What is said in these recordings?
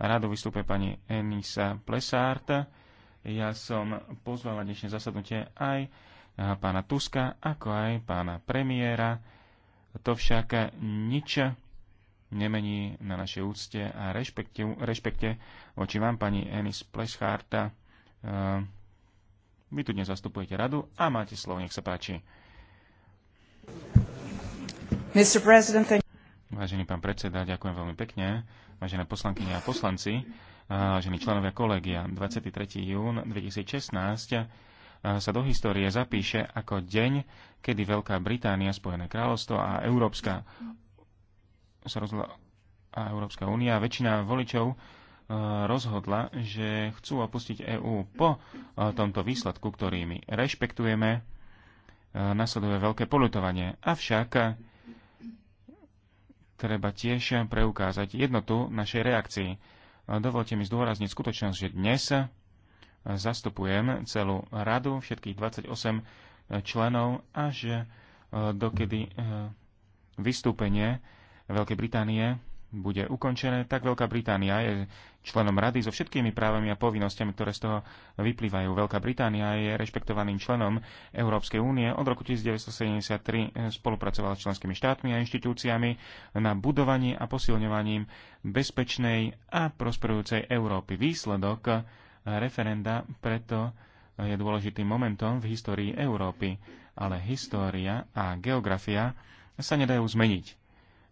Rádo vystúpe pani Enisa Plesárta. Ja som pozval na dnešné zasadnutie aj eh, pána Tuska, ako aj pána premiéra. To však nič nemení na našej úcte a rešpekte, rešpekte voči vám, pani Enis Plescharta. Eh, vy tu dnes zastupujete radu a máte slovo, nech sa páči. Mr. President, thank Vážený pán predseda, ďakujem veľmi pekne. Vážené poslankyne a poslanci, vážení členovia kolegia, 23. jún 2016 sa do histórie zapíše ako deň, kedy Veľká Británia, Spojené kráľovstvo a Európska, sa rozhodla, a Európska únia, väčšina voličov rozhodla, že chcú opustiť EÚ po tomto výsledku, ktorý my rešpektujeme. Nasleduje veľké polutovanie. Avšak treba tiež preukázať jednotu našej reakcii. Dovolte mi zdôrazniť skutočnosť, že dnes zastupujem celú radu, všetkých 28 členov, a že dokedy eh, vystúpenie Veľkej Británie bude ukončené, tak Veľká Británia je členom rady so všetkými právami a povinnosťami, ktoré z toho vyplývajú. Veľká Británia je rešpektovaným členom Európskej únie. Od roku 1973 spolupracovala s členskými štátmi a inštitúciami na budovaní a posilňovaním bezpečnej a prosperujúcej Európy. Výsledok referenda preto je dôležitým momentom v histórii Európy, ale história a geografia sa nedajú zmeniť.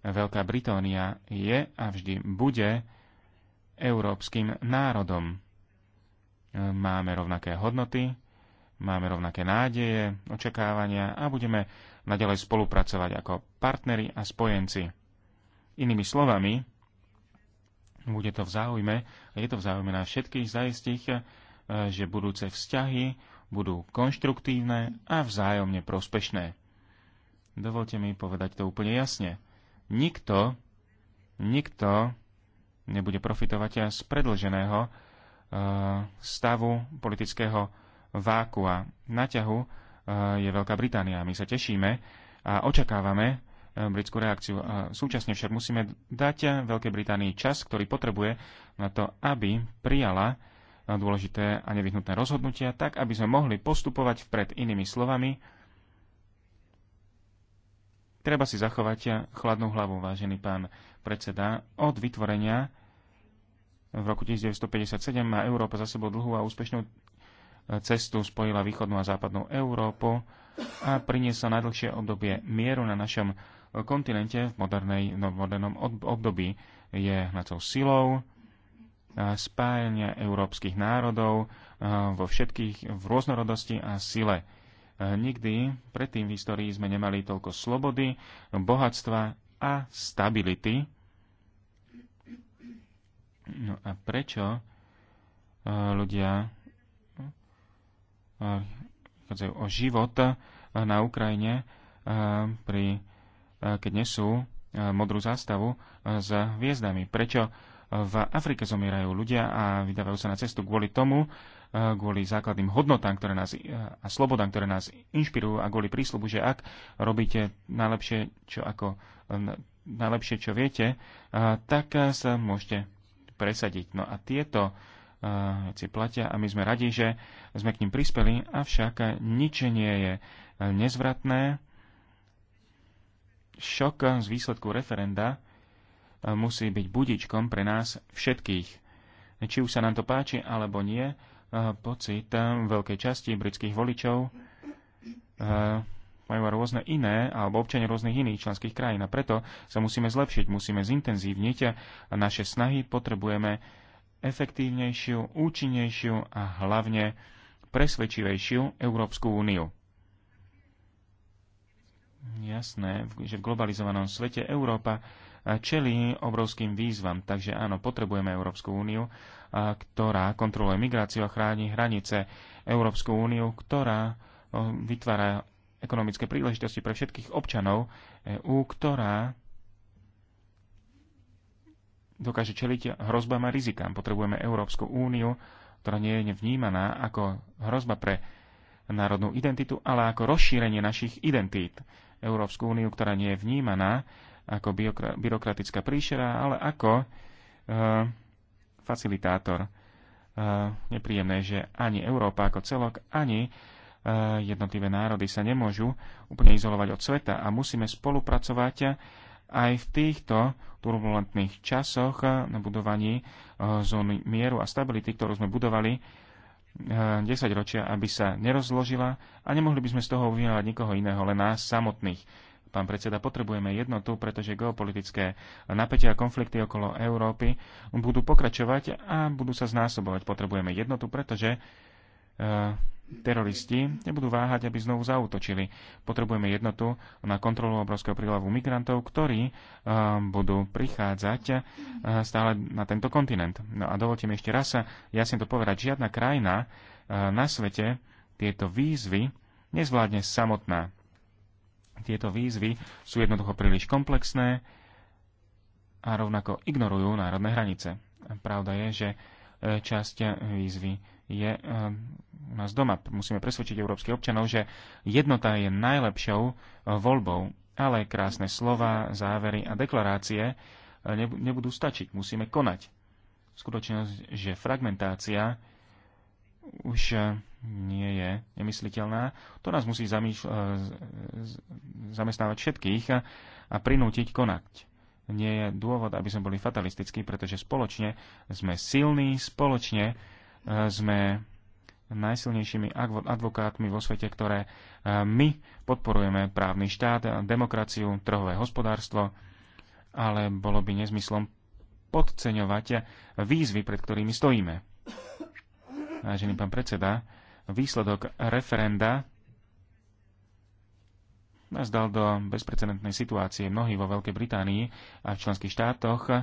Veľká Británia je a vždy bude európskym národom. E, máme rovnaké hodnoty, máme rovnaké nádeje, očakávania a budeme naďalej spolupracovať ako partneri a spojenci. Inými slovami, bude to v záujme, a je to v záujme na všetkých zaistých, e, že budúce vzťahy budú konštruktívne a vzájomne prospešné. Dovolte mi povedať to úplne jasne nikto, nikto nebude profitovať z predlženého eh, stavu politického vákua. Naťahu ťahu eh, je Veľká Británia. My sa tešíme a očakávame eh, britskú reakciu. A súčasne však musíme dať Veľkej Británii čas, ktorý potrebuje na to, aby prijala dôležité a nevyhnutné rozhodnutia, tak aby sme mohli postupovať vpred inými slovami, Treba si zachovať chladnú hlavu, vážený pán predseda. Od vytvorenia v roku 1957 má Európa za sebou dlhú a úspešnú cestu spojila východnú a západnú Európu a priniesla najdlhšie obdobie mieru na našom kontinente v, modernej, no, v modernom období je hnacou silou spájania európskych národov vo všetkých v rôznorodosti a sile. Nikdy predtým v histórii sme nemali toľko slobody, bohatstva a stability. No a prečo e, ľudia e, chádzajú o život e, na Ukrajine, pri, keď nesú modrú zástavu s hviezdami? Prečo v Afrike zomierajú ľudia a vydávajú sa na cestu kvôli tomu, e, kvôli základným hodnotám ktoré nás, e, a slobodám, ktoré nás inšpirujú a kvôli prísľubu, že ak robíte najlepšie, čo ako e, najlepšie, čo viete, tak sa môžete presadiť. No a tieto veci platia a my sme radi, že sme k ním prispeli, avšak nič nie je nezvratné. Šok z výsledku referenda musí byť budičkom pre nás všetkých. Či už sa nám to páči alebo nie, eh, pocit eh, veľkej časti britských voličov eh, majú rôzne iné, alebo občania rôznych iných členských krajín. A preto sa musíme zlepšiť, musíme zintenzívniť naše snahy, potrebujeme efektívnejšiu, účinnejšiu a hlavne presvedčivejšiu Európsku úniu. Jasné, že v globalizovanom svete Európa čelí obrovským výzvam. Takže áno, potrebujeme Európsku úniu, ktorá kontroluje migráciu a chráni hranice. Európsku úniu, ktorá vytvára ekonomické príležitosti pre všetkých občanov EÚ, ktorá dokáže čeliť hrozbám a rizikám. Potrebujeme Európsku úniu, ktorá nie je vnímaná ako hrozba pre národnú identitu, ale ako rozšírenie našich identít. Európsku úniu, ktorá nie je vnímaná ako byrokratická príšera, ale ako e, facilitátor. Uh, nepríjemné, že ani Európa ako celok, ani e, jednotlivé národy sa nemôžu úplne izolovať od sveta a musíme spolupracovať aj v týchto turbulentných časoch na budovaní zóny mieru a stability, ktorú sme budovali 10 ročia, aby sa nerozložila a nemohli by sme z toho uvinovať nikoho iného, len nás samotných. Pán predseda, potrebujeme jednotu, pretože geopolitické napätia a konflikty okolo Európy budú pokračovať a budú sa znásobovať. Potrebujeme jednotu, pretože eh, teroristi nebudú váhať, aby znovu zautočili. Potrebujeme jednotu na kontrolu obrovského prílavu migrantov, ktorí e, budú prichádzať e, stále na tento kontinent. No a dovolte mi ešte raz jasne to povedať. Žiadna krajina e, na svete tieto výzvy nezvládne samotná. Tieto výzvy sú jednoducho príliš komplexné a rovnako ignorujú národné hranice. Pravda je, že e, časť výzvy je e, u nás doma. Musíme presvedčiť európskych občanov, že jednota je najlepšou e, voľbou, ale krásne slova, závery a deklarácie nebudú stačiť. Musíme konať. Skutočnosť, že fragmentácia už nie je nemysliteľná. To nás musí e, zamestnávať všetkých a, a prinútiť konať. Nie je dôvod, aby sme boli fatalistickí, pretože spoločne sme silní, spoločne e, sme najsilnejšími advokátmi vo svete, ktoré e, my podporujeme právny štát, demokraciu, trhové hospodárstvo, ale bolo by nezmyslom podceňovať výzvy, pred ktorými stojíme. Vážený pán predseda, výsledok referenda nás dal do bezprecedentnej situácie. Mnohí vo Veľkej Británii a v členských štátoch e,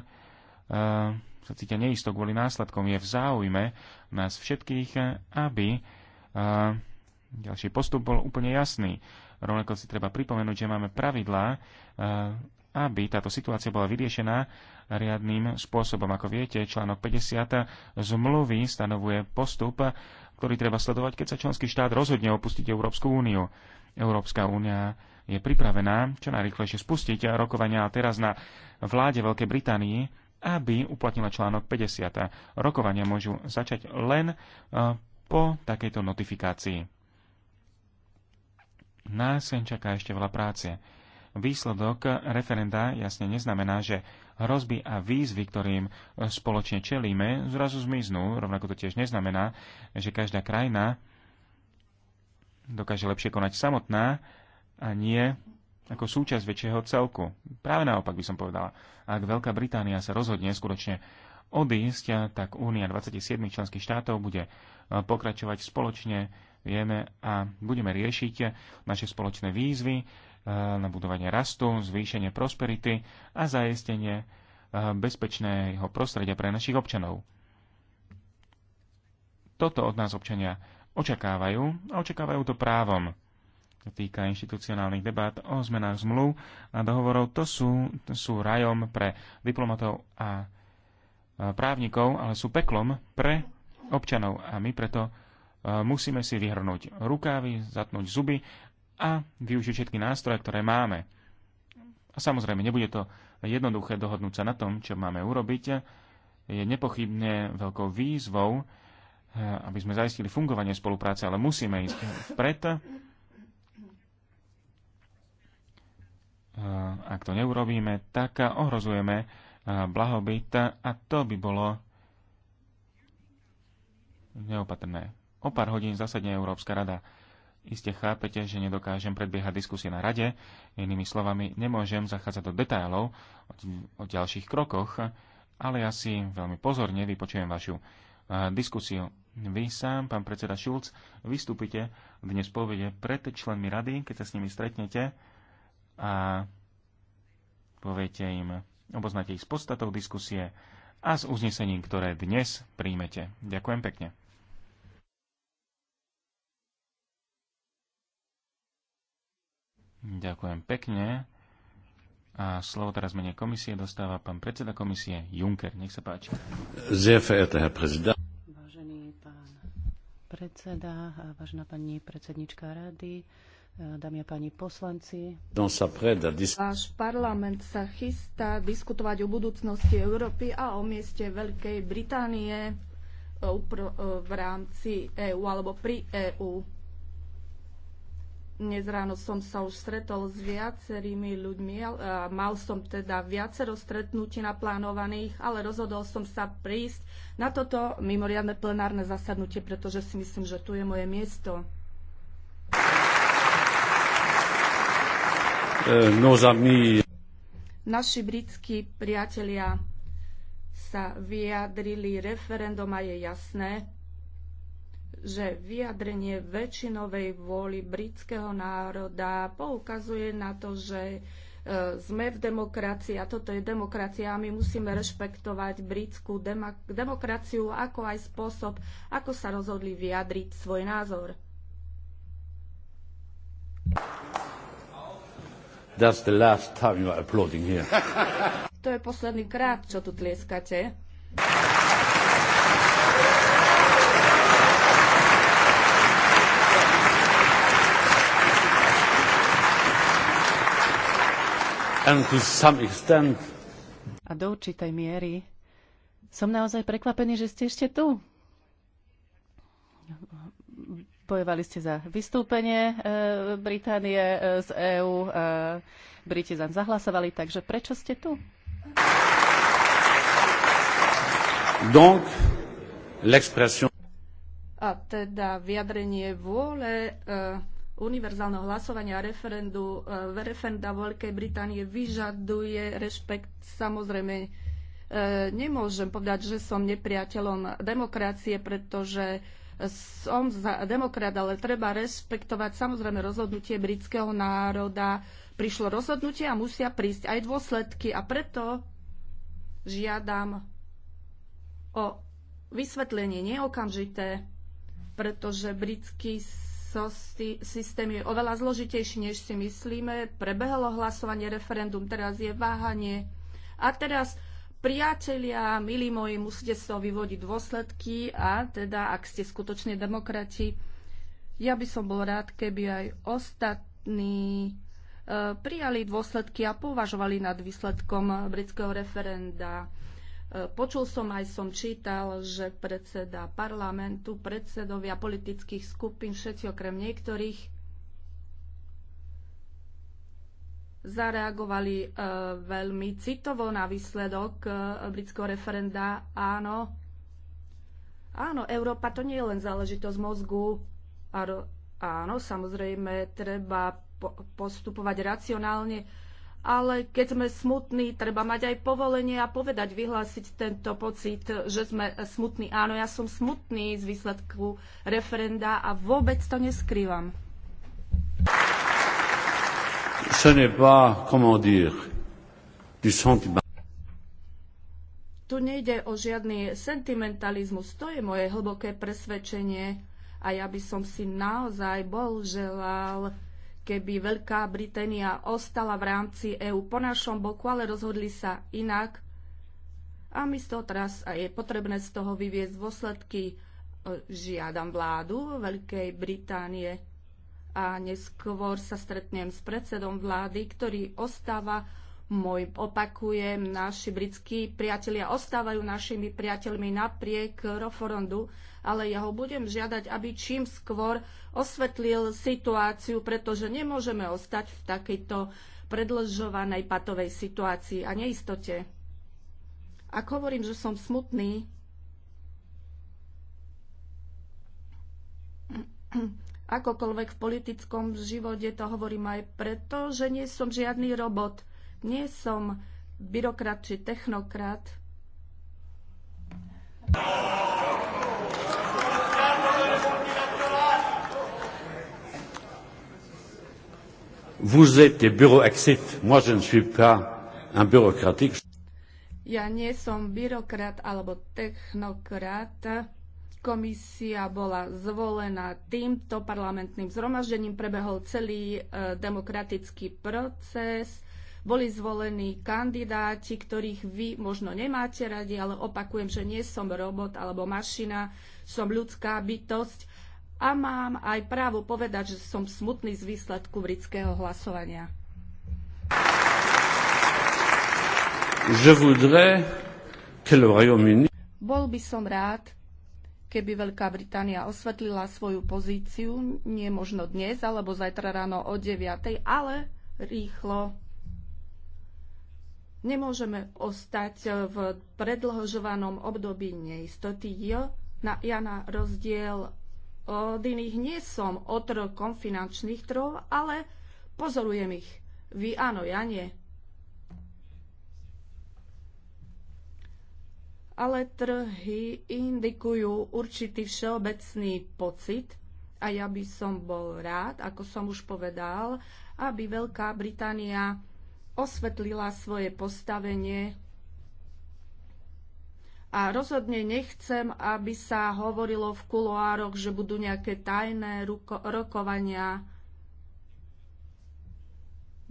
sa cítia neisto kvôli následkom. Je v záujme nás všetkých, aby e, ďalší postup bol úplne jasný. Rovnako si treba pripomenúť, že máme pravidlá, e, aby táto situácia bola vyriešená riadným spôsobom. Ako viete, článok 50 zmluvy stanovuje postup ktorý treba sledovať, keď sa členský štát rozhodne opustiť Európsku úniu. Európska únia je pripravená čo najrychlejšie spustiť rokovania teraz na vláde Veľkej Británii, aby uplatnila článok 50. Rokovania môžu začať len e, po takejto notifikácii. Nás čaká ešte veľa práce. Výsledok referenda jasne neznamená, že hrozby a výzvy, ktorým spoločne čelíme, zrazu zmiznú. Rovnako to tiež neznamená, že každá krajina dokáže lepšie konať samotná a nie ako súčasť väčšieho celku. Práve naopak by som povedala, ak Veľká Británia sa rozhodne skutočne odísť, tak Únia 27 členských štátov bude pokračovať spoločne, vieme a budeme riešiť naše spoločné výzvy Eh, na budovanie rastu, zvýšenie prosperity a zaistenie eh, bezpečného prostredia pre našich občanov. Toto od nás občania očakávajú a očakávajú to právom. Týka inštitucionálnych debát o zmenách zmluv a dohovorov. To sú, to sú rajom pre diplomatov a eh, právnikov, ale sú peklom pre občanov a my preto musíme si vyhrnúť rukávy, zatnúť zuby a využiť všetky nástroje, ktoré máme. A samozrejme, nebude to jednoduché dohodnúť sa na tom, čo máme urobiť. Je nepochybne veľkou výzvou, eh, aby sme zaistili fungovanie spolupráce, ale musíme ísť vpred. Eh, ak to neurobíme, tak ohrozujeme eh, blahobyt a to by bolo neopatrné. O pár hodín zasadne Európska rada. Iste chápete, že nedokážem predbiehať diskusie na rade. Inými slovami, nemôžem zachádzať do detailov o, o ďalších krokoch, ale ja si veľmi pozorne vypočujem vašu uh, diskusiu. Vy sám, pán predseda Šulc, vystúpite dnes po pred členmi rady, keď sa s nimi stretnete a poviete im, oboznáte ich s podstatou diskusie a s uznesením, ktoré dnes príjmete. Ďakujem pekne. Ďakujem pekne. A slovo teraz mene komisie dostáva pán predseda komisie Juncker. Nech sa páči. Vážený pán predseda, vážená pani predsednička rady, dámy a páni poslanci. Váš parlament sa chystá diskutovať o budúcnosti Európy a o mieste Veľkej Británie v rámci EÚ alebo pri EÚ. Dnes ráno som sa už stretol s viacerými ľuďmi. Mal som teda viacero stretnutí naplánovaných, ale rozhodol som sa prísť na toto mimoriadne plenárne zasadnutie, pretože si myslím, že tu je moje miesto. E, Naši britskí priatelia sa vyjadrili referendum a je jasné, že vyjadrenie väčšinovej vôly britského národa poukazuje na to, že e, sme v demokracii a toto je demokracia a my musíme rešpektovať britskú demokraciu ako aj spôsob, ako sa rozhodli vyjadriť svoj názor. That's the last time you are applauding here. to je posledný krát, čo tu tlieskate. A do určitej miery som naozaj prekvapený, že ste ešte tu. Bojovali ste za vystúpenie e, Británie e, z EÚ. a e, Briti zaň zahlasovali, takže prečo ste tu? Donc, l'expression... A teda vyjadrenie vôle uh, univerzálneho hlasovania referendu v e, referenda Veľkej Británie vyžaduje rešpekt samozrejme e, nemôžem povedať, že som nepriateľom demokracie, pretože som za demokrat, ale treba rešpektovať samozrejme rozhodnutie britského národa. Prišlo rozhodnutie a musia prísť aj dôsledky a preto žiadam o vysvetlenie neokamžité, pretože britský systém je oveľa zložitejší, než si myslíme. Prebehlo hlasovanie, referendum, teraz je váhanie. A teraz, priatelia, milí moji, musíte z toho vyvodiť dôsledky a teda, ak ste skutočne demokrati, ja by som bol rád, keby aj ostatní eh, prijali dôsledky a považovali nad výsledkom britského referenda. Počul som aj som čítal, že predseda parlamentu, predsedovia politických skupín, všetci okrem niektorých, zareagovali e, veľmi citovo na výsledok e, britského referenda. Áno, áno, Európa to nie je len záležitosť mozgu. Áno, samozrejme, treba postupovať racionálne ale keď sme smutní, treba mať aj povolenie a povedať, vyhlásiť tento pocit, že sme smutní. Áno, ja som smutný z výsledku referenda a vôbec to neskrývam. Tu nejde o žiadny sentimentalizmus, to je moje hlboké presvedčenie a ja by som si naozaj bol želal, keby Veľká Británia ostala v rámci EÚ po našom boku, ale rozhodli sa inak. A my z toho teraz a je potrebné z toho vyviezť dôsledky. E, žiadam vládu Veľkej Británie a neskôr sa stretnem s predsedom vlády, ktorý ostáva môj, opakujem, naši britskí priatelia ostávajú našimi priateľmi napriek referendu ale ja ho budem žiadať, aby čím skôr osvetlil situáciu, pretože nemôžeme ostať v takejto predlžovanej patovej situácii a neistote. Ak hovorím, že som smutný, akokoľvek v politickom živote to hovorím aj preto, že nie som žiadny robot. Nie som byrokrat či technokrat. Vous êtes des exit. Moi, je ne suis pas un bureaucratique. Ja nie som byrokrat alebo technokrat. Komisia bola zvolená týmto parlamentným zhromaždením. Prebehol celý e, demokratický proces. Boli zvolení kandidáti, ktorých vy možno nemáte radi, ale opakujem, že nie som robot alebo mašina, som ľudská bytosť a mám aj právo povedať, že som smutný z výsledku britského hlasovania. Je voudrais Bol by som rád, keby Veľká Británia osvetlila svoju pozíciu, nie možno dnes alebo zajtra ráno o 9, ale rýchlo. Nemôžeme ostať v predlhožovanom období neistoty. Jo, na, ja na rozdiel od iných nie som otrokom finančných trhov, ale pozorujem ich. Vy áno, ja nie. Ale trhy indikujú určitý všeobecný pocit a ja by som bol rád, ako som už povedal, aby Veľká Británia osvetlila svoje postavenie a rozhodne nechcem, aby sa hovorilo v kuloároch, že budú nejaké tajné rokovania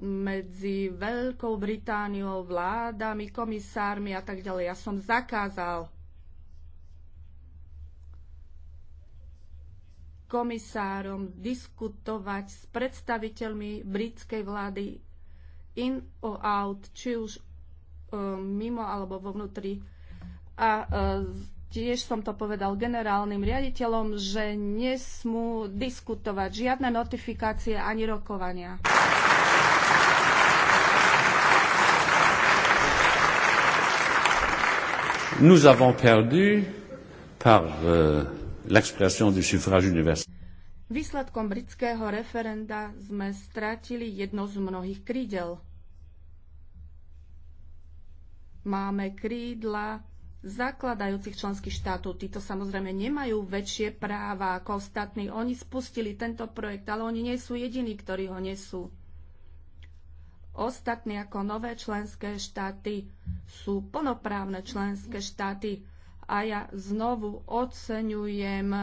medzi Veľkou Britániou, vládami, komisármi a tak ďalej. Ja som zakázal komisárom diskutovať s predstaviteľmi britskej vlády in or out, či už um, mimo alebo vo vnútri a e, tiež som to povedal generálnym riaditeľom, že nesmú diskutovať žiadne notifikácie ani rokovania. Nous avons perdu par euh, l'expression du suffrage universel. Výsledkom britského referenda sme stratili jedno z mnohých krídel. Máme krídla zakladajúcich členských štátov. Títo samozrejme nemajú väčšie práva ako ostatní. Oni spustili tento projekt, ale oni nie sú jediní, ktorí ho nesú. Ostatní ako nové členské štáty sú plnoprávne členské štáty a ja znovu oceňujem e,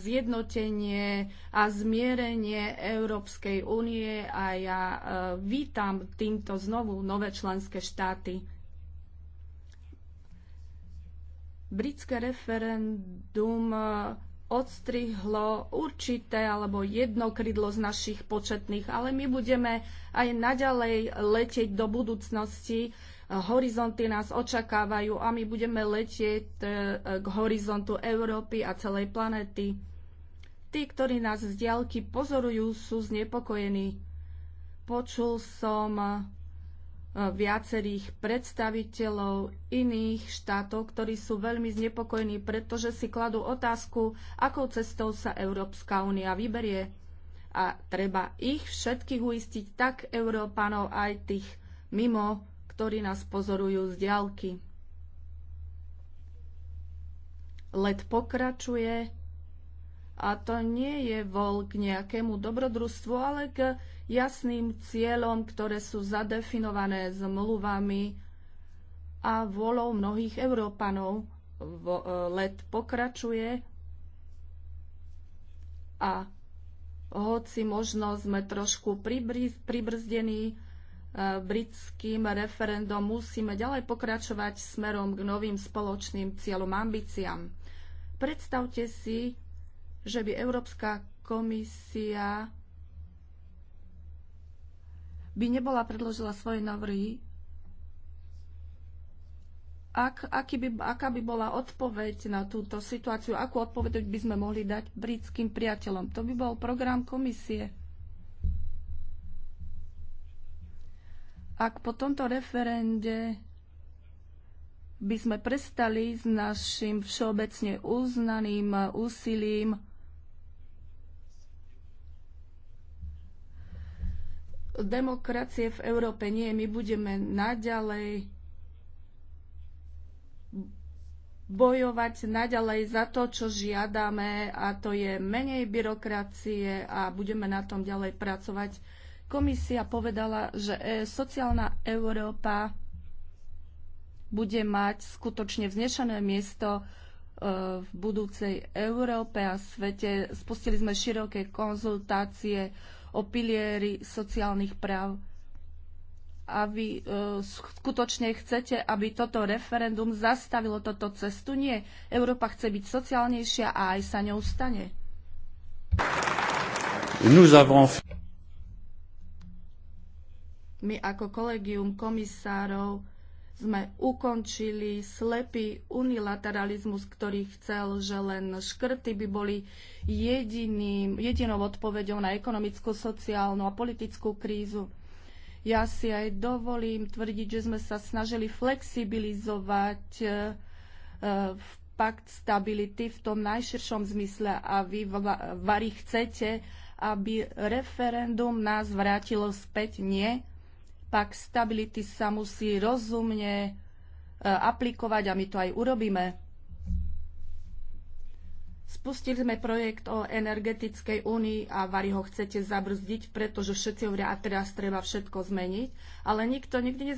zjednotenie a zmierenie Európskej únie a ja e, vítam týmto znovu nové členské štáty. Britské referendum e, odstrihlo určité alebo jedno krydlo z našich početných, ale my budeme aj naďalej letieť do budúcnosti. E, horizonty nás očakávajú a my budeme letieť e, k horizontu Európy a celej planéty. Tí, ktorí nás z diaľky pozorujú, sú znepokojení. Počul som E, viacerých predstaviteľov iných štátov, ktorí sú veľmi znepokojení, pretože si kladú otázku, akou cestou sa Európska únia vyberie. A treba ich všetkých uistiť, tak Európanov aj tých mimo, ktorí nás pozorujú z diálky. Let pokračuje a to nie je vol k nejakému dobrodružstvu, ale k jasným cieľom, ktoré sú zadefinované zmluvami a volou mnohých Európanov. E, let pokračuje a hoci možno sme trošku pribrzdení e, britským referendom, musíme ďalej pokračovať smerom k novým spoločným cieľom, ambíciám. Predstavte si, že by Európska komisia by nebola predložila svoje návrhy, ak, aký by, aká by bola odpoveď na túto situáciu, akú odpoveď by sme mohli dať britským priateľom. To by bol program komisie. Ak po tomto referende by sme prestali s našim všeobecne uznaným úsilím demokracie v Európe nie. My budeme naďalej bojovať naďalej za to, čo žiadame a to je menej byrokracie a budeme na tom ďalej pracovať. Komisia povedala, že e, sociálna Európa bude mať skutočne vznešené miesto e, v budúcej Európe a svete. Spustili sme široké konzultácie o pilieri sociálnych práv. A vy e, skutočne chcete, aby toto referendum zastavilo toto cestu? Nie. Európa chce byť sociálnejšia a aj sa ňou stane. Nous avons my ako kolegium komisárov sme ukončili slepý unilateralizmus, ktorý chcel, že len škrty by boli jediným, jedinou odpoveďou na ekonomickú, sociálnu a politickú krízu. Ja si aj dovolím tvrdiť, že sme sa snažili flexibilizovať eh, v pakt stability v tom najširšom zmysle a vy, Vary, chcete, aby referendum nás vrátilo späť? Nie, Pak stability sa musí rozumne e, aplikovať a my to aj urobíme. Spustili sme projekt o energetickej únii a vari ho chcete zabrzdiť, pretože všetci hovoria, a teraz treba všetko zmeniť, ale nikto nikdy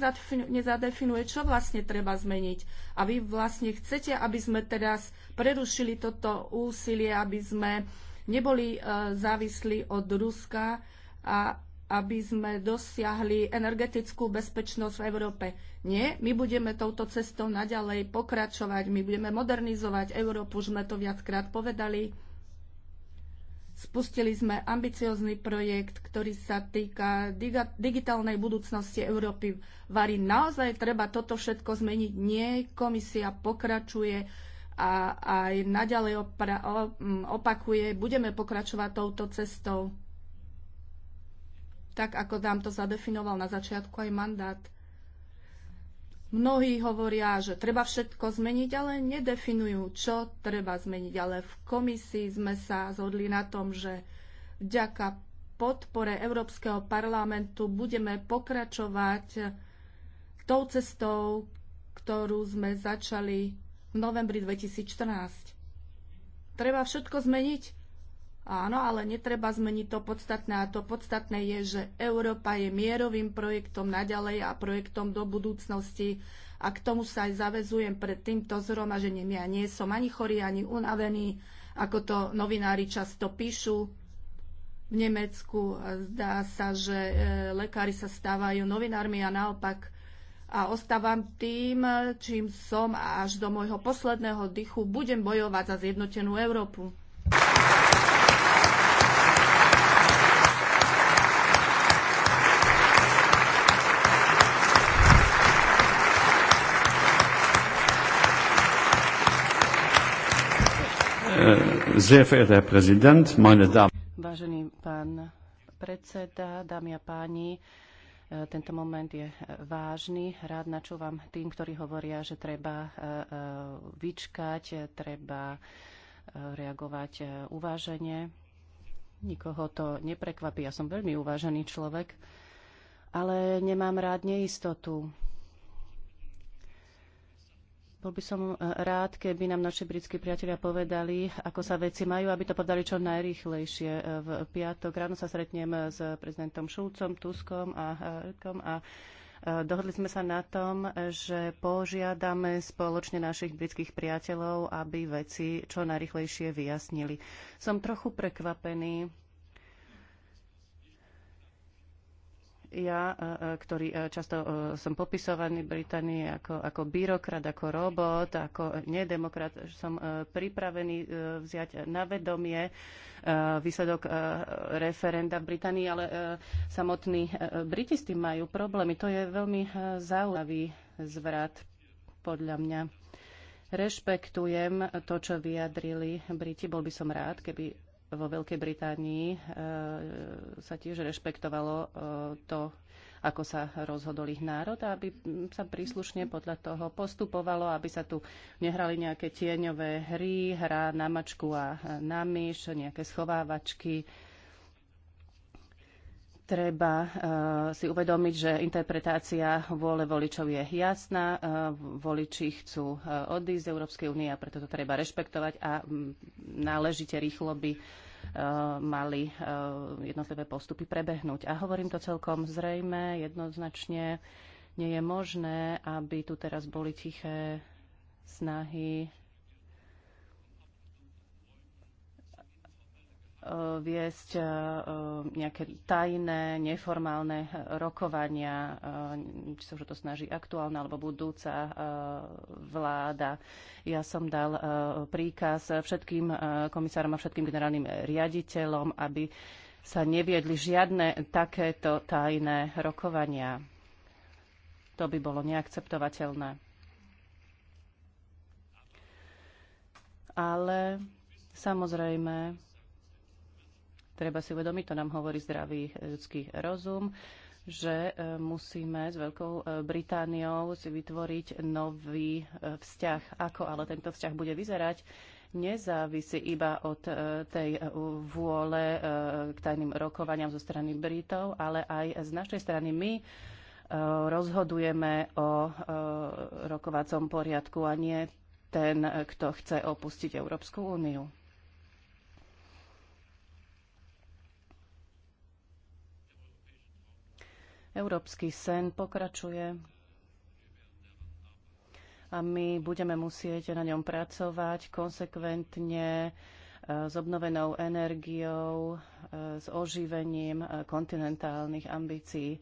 nezadefinuje, čo vlastne treba zmeniť. A vy vlastne chcete, aby sme teraz prerušili toto úsilie, aby sme neboli e, závislí od Ruska a aby sme dosiahli energetickú bezpečnosť v Európe. Nie, my budeme touto cestou naďalej pokračovať, my budeme modernizovať Európu, už sme to viackrát povedali. Spustili sme ambiciózny projekt, ktorý sa týka digitálnej budúcnosti Európy. Vary, naozaj treba toto všetko zmeniť? Nie, komisia pokračuje a aj naďalej opakuje, budeme pokračovať touto cestou tak ako nám to zadefinoval na začiatku aj mandát. Mnohí hovoria, že treba všetko zmeniť, ale nedefinujú, čo treba zmeniť. Ale v komisii sme sa zhodli na tom, že vďaka podpore Európskeho parlamentu budeme pokračovať tou cestou, ktorú sme začali v novembri 2014. Treba všetko zmeniť, Áno, ale netreba zmeniť to podstatné a to podstatné je, že Európa je mierovým projektom naďalej a projektom do budúcnosti a k tomu sa aj zavezujem pred týmto zhromažením. Ja nie som ani chorý, ani unavený, ako to novinári často píšu v Nemecku. E, zdá sa, že e, lekári sa stávajú novinármi a naopak a ostávam tým, e, čím som a až do môjho posledného dychu budem bojovať za zjednotenú Európu. Äh, sehr verehrter Herr Präsident, meine Damen. Vážený pán predseda, dámy a páni, äh, tento moment je äh, vážny. Rád načúvam tým, ktorí hovoria, že treba vyčkať, treba reagovať uvážene. Nikoho to neprekvapí. Ja som veľmi uvážený človek, ale nemám rád neistotu. Bol by som e, rád, keby nám naši britskí priatelia povedali, ako sa veci majú, aby to povedali čo najrýchlejšie. E, v piatok ráno sa stretnem s prezidentom Šulcom, Tuskom a Rkom a e, dohodli sme sa na tom, že požiadame spoločne našich britských priateľov, aby veci čo najrychlejšie vyjasnili. Som trochu prekvapený, ja, e, e, ktorý e, často som popisovaný v Británii ako, ako byrokrat, ako robot, ako nedemokrat, som pripravený vziať na vedomie výsledok referenda v Británii, ale samotní Briti s tým majú problémy. To je veľmi zaujímavý zvrat, podľa mňa. Rešpektujem to, čo vyjadrili Briti. Bol by som rád, keby vo Veľkej Británii e, sa tiež rešpektovalo e, to, ako sa rozhodol ich národ aby sa príslušne podľa toho postupovalo, aby sa tu nehrali nejaké tieňové hry, hra na mačku a na myš, nejaké schovávačky. Treba uh, si uvedomiť, že interpretácia vôle voličov je jasná. Uh, voliči chcú uh, odísť z Európskej únie a preto to treba rešpektovať a náležite rýchlo by uh, Eh, mali eh, jednotlivé postupy prebehnúť. A hovorím to celkom zrejme, jednoznačne nie je možné, aby tu teraz boli tiché snahy viesť e, nejaké tajné, neformálne rokovania, e, či sa už to snaží aktuálna alebo budúca e, vláda. Ja som dal príkaz všetkým komisárom a všetkým generálnym riaditeľom, aby sa neviedli žiadne takéto tajné rokovania. To by bolo neakceptovateľné. Ale samozrejme, Treba si uvedomiť, to nám hovorí zdravý e, ľudský rozum, že e, musíme s Veľkou e, Britániou si vytvoriť nový vzťah. Ako ale tento vzťah bude vyzerať, nezávisí iba od tej vôle k tajným rokovaniam zo strany Britov, ale aj z našej strany my rozhodujeme o rokovacom poriadku a nie ten, kto chce opustiť Európsku úniu. Európsky sen pokračuje a my budeme musieť na ňom pracovať konsekventne e, s obnovenou energiou, e, s oživením e, kontinentálnych ambícií.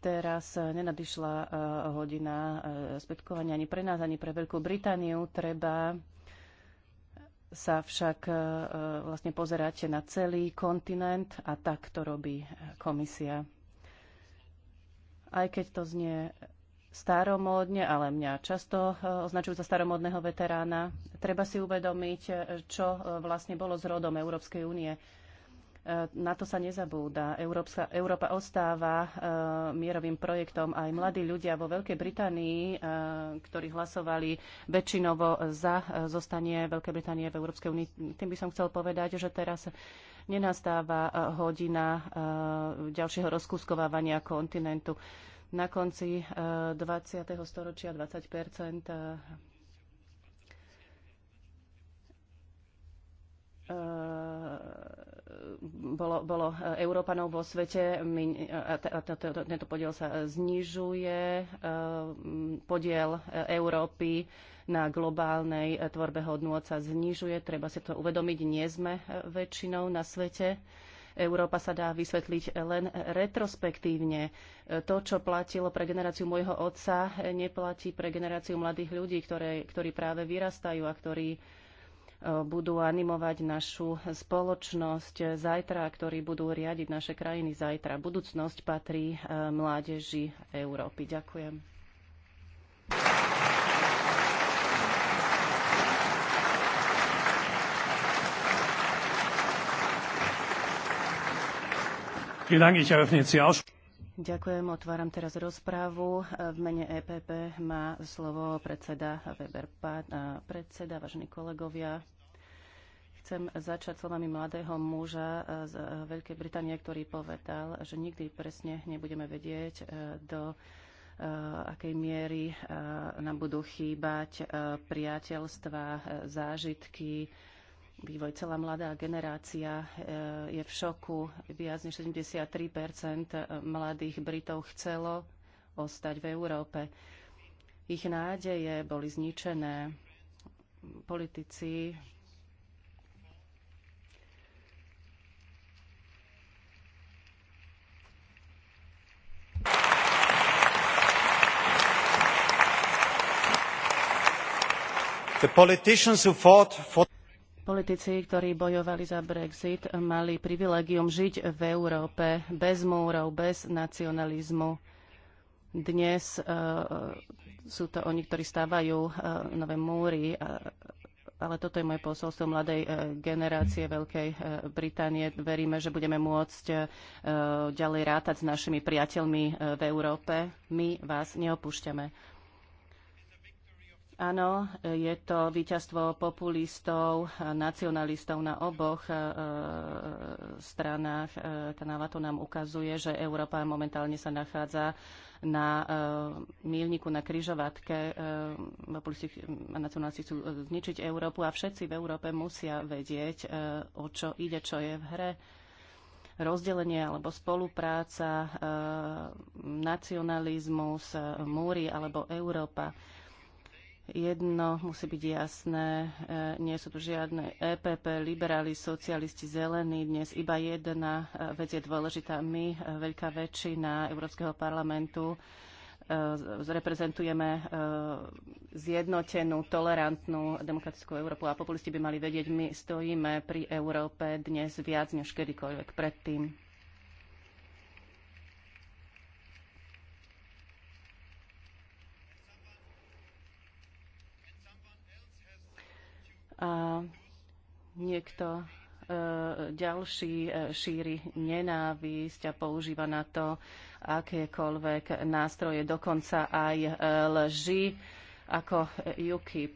Teraz nenadišla hodina spätkovania ani pre nás, ani pre Veľkú Britániu. Treba sa však vlastne pozerať na celý kontinent a tak to robí komisia aj keď to znie staromódne, ale mňa často e, označujú za staromódneho veterána. Treba si uvedomiť, e, čo e, vlastne bolo s rodom Európskej únie. E, na to sa nezabúda. Európska, Európa ostáva e, mierovým projektom. Aj mladí ľudia vo Veľkej Británii, e, ktorí hlasovali väčšinovo za zostanie Veľkej Británie v Európskej únii, tým by som chcel povedať, že teraz nenastáva hodina ďalšieho rozkuskovávania kontinentu. Na konci 20. storočia 20 uh, bolo, bolo e, Európanov vo svete my, a tento podiel sa znižuje. E, podiel e, Európy na globálnej tvorbe hodnôt sa znižuje. Treba si to uvedomiť, nie sme väčšinou na svete. Európa sa dá vysvetliť len retrospektívne. To, čo platilo pre generáciu môjho otca, neplatí pre generáciu mladých ľudí, ktoré, ktorí práve vyrastajú a ktorí budú animovať našu spoločnosť zajtra, ktorí budú riadiť naše krajiny zajtra. Budúcnosť patrí e, mládeži Európy. Ďakujem. Vielen Dank. Ich eröffne jetzt die Aussprache. Ďakujem. Otváram teraz rozprávu. V mene EPP má slovo predseda Weber. Pán predseda, vážení kolegovia, chcem začať slovami mladého muža z Veľkej Británie, ktorý povedal, že nikdy presne nebudeme vedieť, e, do e, akej miery e, nám budú chýbať priateľstva, zážitky, vývoj. Celá mladá generácia eh, je v šoku. Viac než 73 eh, mladých Britov chcelo ostať v Európe. Ich nádeje boli zničené. Politici The politicians who fought for Politici, ktorí bojovali za Brexit, mali privilegium žiť v Európe bez múrov, bez nacionalizmu. Dnes uh, sú to oni, ktorí stávajú uh, nové múry, uh, ale toto je moje posolstvo mladej uh, generácie Veľkej Británie. Veríme, že budeme môcť ďalej rátať s našimi priateľmi v Európe. My vás neopúšťame. Áno, je to víťazstvo populistov, nacionalistov na oboch e, stranách. Tanáva e, to nám ukazuje, že Európa momentálne sa nachádza na e, mílniku, na kryžovatke. E, a nacionalisti chcú e, zničiť Európu a všetci v Európe musia vedieť, e, o čo ide, čo je v hre rozdelenie alebo spolupráca, e, nacionalizmus, múry alebo Európa. Jedno musí byť jasné, e, nie sú tu žiadne EPP, liberáli, socialisti, zelení, dnes iba jedna e, vec je dôležitá. My, e, veľká väčšina Európskeho parlamentu, reprezentujeme zjednotenú, tolerantnú demokratickú Európu a populisti by mali vedieť, my stojíme pri Európe dnes viac než kedykoľvek predtým. a niekto e, ďalší e, šíri nenávisť a používa na to akékoľvek nástroje, dokonca aj e, lži ako UKIP.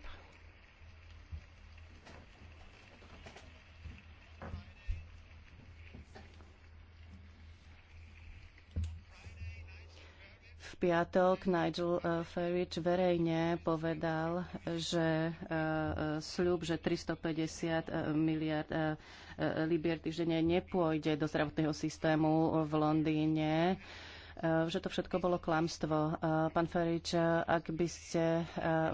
piatok Nigel eh, Farage verejne povedal, že eh, eh, sľub, že 350 miliard libier týždenne nepôjde do zdravotného systému v Londýne že to všetko bolo klamstvo. Pán Ferič, ak by ste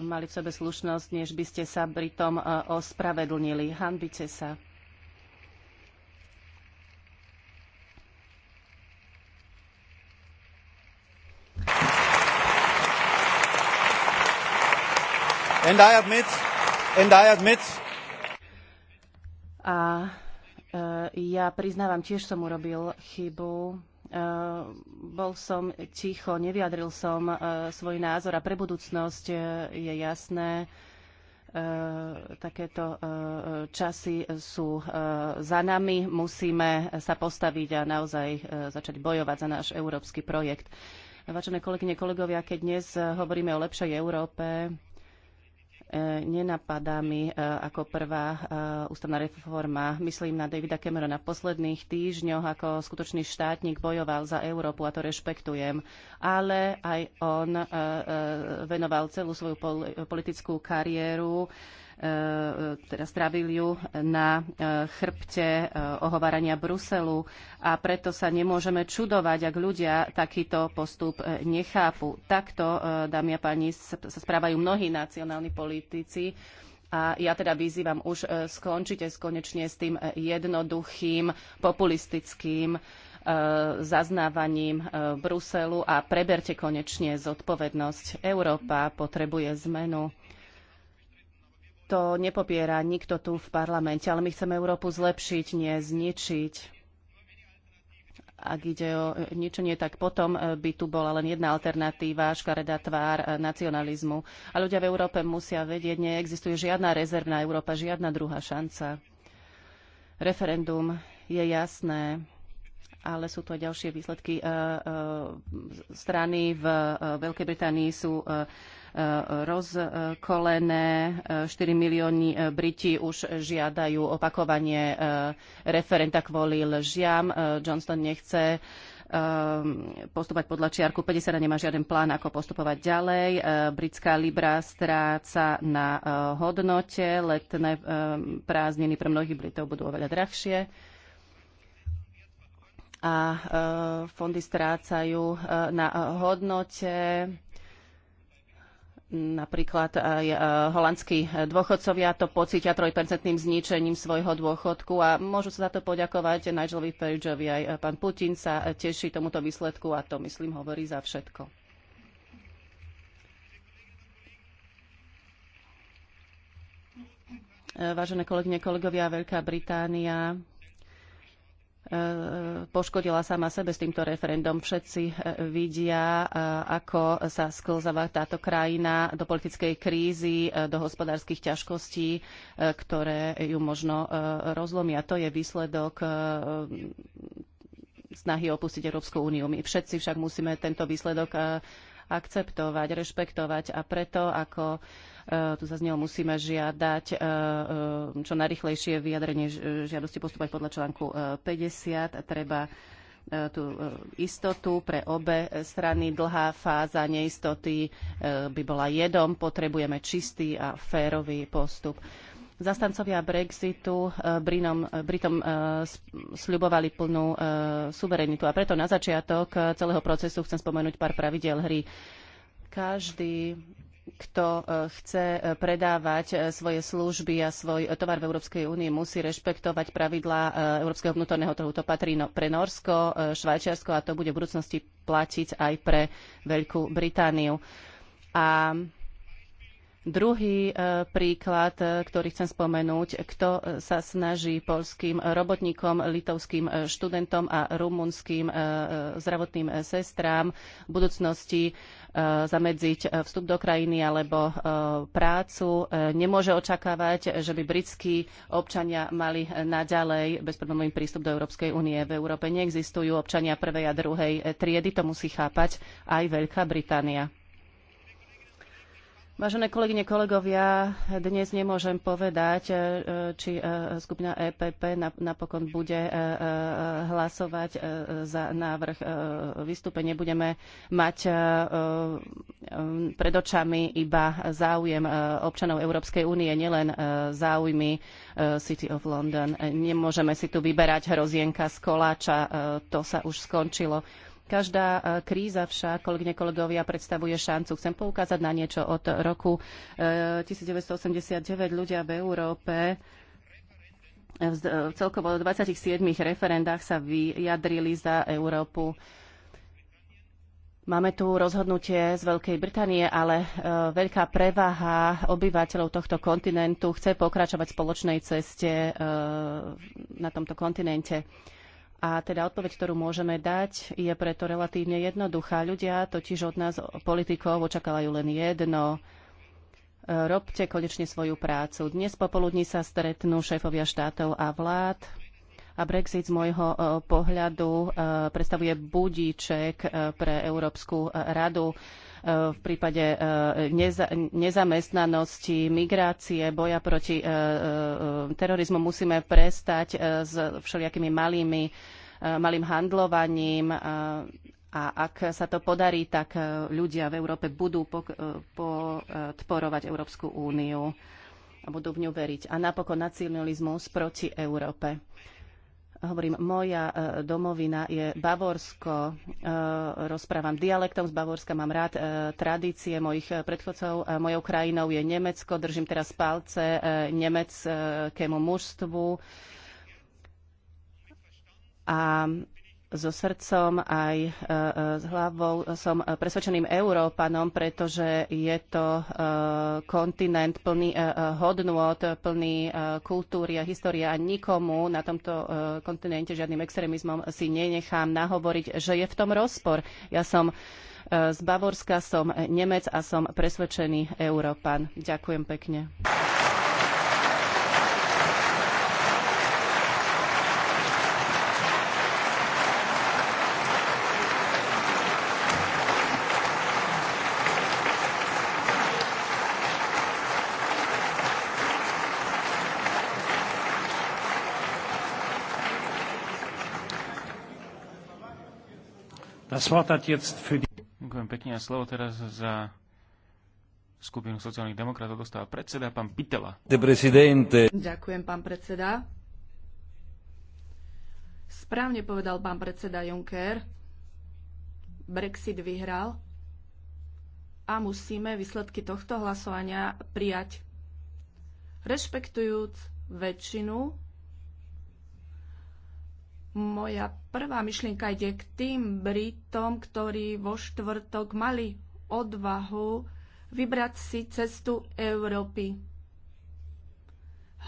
mali v sebe slušnosť, než by ste sa Britom ospravedlnili, hanbite sa. And I admit, and I admit. A eh, ja priznávam, tiež som urobil chybu. Eh, bol som ticho, nevyjadril som eh, svoj názor a pre budúcnosť je jasné, takéto časy sú za nami. Musíme sa postaviť a naozaj začať bojovať za náš európsky projekt. Vážené kolegyne, kolegovia, keď dnes hovoríme o lepšej Európe, nenapadá mi e, ako prvá e, ústavná reforma. Myslím na Davida Camerona v posledných týždňoch, ako skutočný štátnik bojoval za Európu a to rešpektujem. Ale aj on e, venoval celú svoju politickú kariéru E, teda spravili ju na e, chrbte e, ohovárania Bruselu a preto sa nemôžeme čudovať, ak ľudia takýto postup nechápu. Takto, dámy a páni, sa správajú mnohí nacionálni politici. A ja teda vyzývam, už skončite konečne s tým jednoduchým, populistickým zaznávaním Bruselu a preberte konečne zodpovednosť. Európa potrebuje zmenu to nepopiera nikto tu v parlamente, ale my chceme Európu zlepšiť, nie zničiť. Ak ide o e, ničenie, tak potom e, by tu bola len jedna alternatíva, škaredá tvár e, nacionalizmu. A ľudia v Európe musia vedieť, neexistuje žiadna rezervná Európa, žiadna druhá šanca. Referendum je jasné ale sú to aj ďalšie výsledky. E, e, strany v e, Veľkej Británii sú rozkolené. 4 milióny Briti už žiadajú opakovanie referenta kvôli lžiam. Johnston nechce postupovať podľa čiarku 50 a nemá žiaden plán, ako postupovať ďalej. Britská Libra stráca na hodnote, letné prázdniny pre mnohých Britov budú oveľa drahšie a e, fondy strácajú e, na hodnote. Napríklad aj e, holandskí dôchodcovia to pocítia 3% zničením svojho dôchodku a môžu sa za to poďakovať Nigelovi Fergeovi. Aj pán Putin sa teší tomuto výsledku a to, myslím, hovorí za všetko. Vážené kolegyne, kolegovia, Veľká Británia poškodila sama sebe s týmto referendum. Všetci eh, vidia, eh, ako sa sklzáva táto krajina do politickej krízy, eh, do hospodárskych ťažkostí, ktoré ju možno rozlomia. To je výsledok snahy opustiť Európsku úniu. My všetci však musíme tento výsledok akceptovať, rešpektovať a preto ako E, tu zaznelo, musíme žiadať e, e, čo najrychlejšie vyjadrenie žiadosti postupovať podľa článku 50 treba tú istotu pre obe strany. Dlhá fáza neistoty by bola jedom. Potrebujeme čistý a férový postup. Zastancovia Brexitu Brinom, Britom sľubovali plnú suverenitu a preto na začiatok celého procesu chcem spomenúť pár pravidel hry. Každý kto e, chce e, predávať e, svoje služby a svoj tovar v Európskej únii, musí rešpektovať pravidlá Európskeho vnútorného trhu. To patrí no, pre Norsko, Švajčiarsko a to bude v budúcnosti platiť aj pre Veľkú Britániu. A Druhý e, príklad, e, ktorý chcem spomenúť, kto e, sa snaží polským robotníkom, litovským študentom a rumunským zdravotným sestrám v budúcnosti zamedziť vstup do krajiny alebo prácu. Nemôže očakávať, že by britskí občania mali naďalej bezproblémový prístup do Európskej únie. V Európe neexistujú občania prvej a druhej triedy, to musí chápať aj Veľká Británia. Vážené kolegyne, kolegovia, dnes nemôžem povedať, e, či e, skupina EPP napokon bude e, hlasovať za návrh vystúpenia. Budeme mať pred očami iba záujem občanov Európskej únie, nielen záujmy City of London. Nemôžeme si tu vyberať hrozienka z koláča, to sa už skončilo. Každá e, kríza však, kolegyne, kolegovia, predstavuje šancu. Chcem poukázať na niečo od roku 1989. E, Ľudia v Európe e, v celkovo 27 referendách sa vyjadrili za Európu. Máme tu rozhodnutie z Veľkej Británie, ale veľká prevaha obyvateľov tohto kontinentu chce pokračovať v spoločnej ceste na tomto kontinente. A teda odpoveď, ktorú môžeme dať, je preto relatívne jednoduchá. Ľudia totiž od nás, politikov, očakávajú len jedno. Robte konečne svoju prácu. Dnes popoludní sa stretnú šéfovia štátov a vlád a Brexit z môjho e, pohľadu e, predstavuje budíček e, pre Európsku radu v prípade e, nezamestnanosti, migrácie, boja proti e, e, terorizmu musíme prestať s všelijakými malými, malým handlovaním a ak sa to podarí, tak ľudia v Európe budú podporovať Európsku úniu a budú v ňu veriť. A napokon nacionalizmus proti Európe. Hovorím, moja e, domovina je Bavorsko, e, rozprávam dialektom z Bavorska, mám rád e, tradície mojich predchodcov, mojou krajinou je Nemecko, držím teraz palce nemeckému mužstvu. A so srdcom aj e, e, s hlavou. Som presvedčeným Európanom, pretože je to e, kontinent plný hodnôt, plný kultúry a histórie a nikomu na tomto kontinente žiadnym extrémizmom si nenechám nahovoriť, že je v tom rozpor. Ja som z Bavorska, som Nemec a som presvedčený Európan. Ďakujem pekne. Ďakujem pekne a slovo teraz za skupinu sociálnych demokratov dostáva predseda pán Pitela. Ďakujem, pán predseda. Správne povedal pán predseda Juncker. Brexit vyhral a musíme výsledky tohto hlasovania prijať. Rešpektujúc väčšinu moja prvá myšlienka ide k tým Britom, ktorí vo štvrtok mali odvahu vybrať si cestu Európy.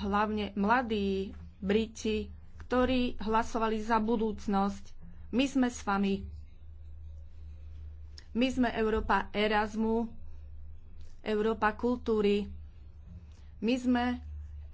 Hlavne mladí Briti, ktorí hlasovali za budúcnosť. My sme s vami. My sme Európa Erasmu, Európa kultúry. My sme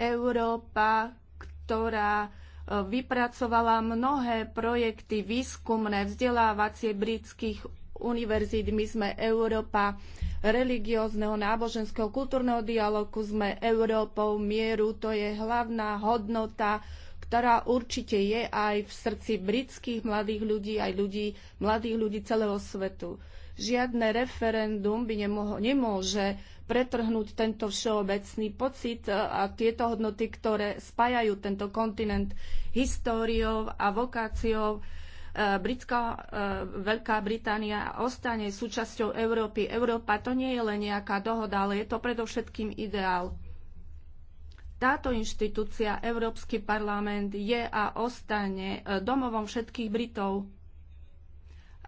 Európa, ktorá vypracovala mnohé projekty výskumné, vzdelávacie britských univerzít. My sme Európa religiózneho, náboženského, kultúrneho dialogu. Sme Európou mieru. To je hlavná hodnota, ktorá určite je aj v srdci britských mladých ľudí, aj ľudí, mladých ľudí celého svetu. Žiadne referendum by nemoho, nemôže pretrhnúť tento všeobecný pocit e, a tieto hodnoty, ktoré spájajú tento kontinent históriou a vokáciou. E, Britská, e, Veľká Británia ostane súčasťou Európy. Európa to nie je len nejaká dohoda, ale je to predovšetkým ideál. Táto inštitúcia, Európsky parlament, je a ostane domovom všetkých Britov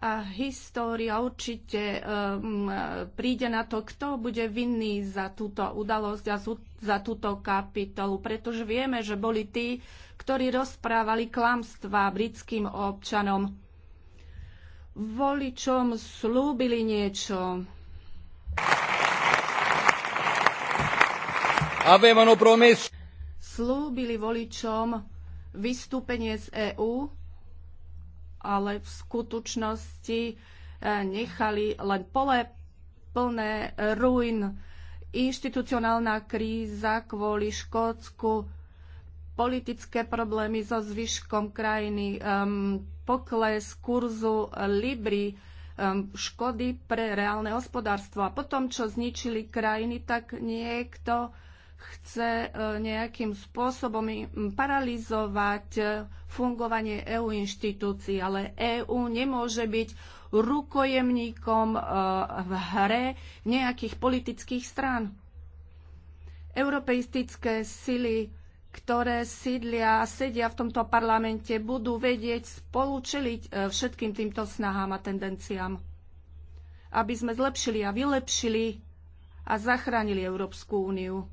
a história určite um, príde na to, kto bude vinný za túto udalosť a za túto kapitolu, pretože vieme, že boli tí, ktorí rozprávali klamstvá britským občanom. Voličom slúbili niečo. Slúbili voličom vystúpenie z EÚ ale v skutočnosti eh, nechali len pole plné ruin. Inštitucionálna kríza kvôli Škótsku, politické problémy so zvyškom krajiny, um, pokles kurzu Libry, um, škody pre reálne hospodárstvo. A potom, čo zničili krajiny, tak niekto chce e, nejakým spôsobom paralizovať e, fungovanie EÚ inštitúcií, ale EÚ nemôže byť rukojemníkom e, v hre nejakých politických strán. Europeistické sily, ktoré sídlia a sedia v tomto parlamente, budú vedieť spolučeliť všetkým týmto snahám a tendenciám, aby sme zlepšili a vylepšili a zachránili Európsku úniu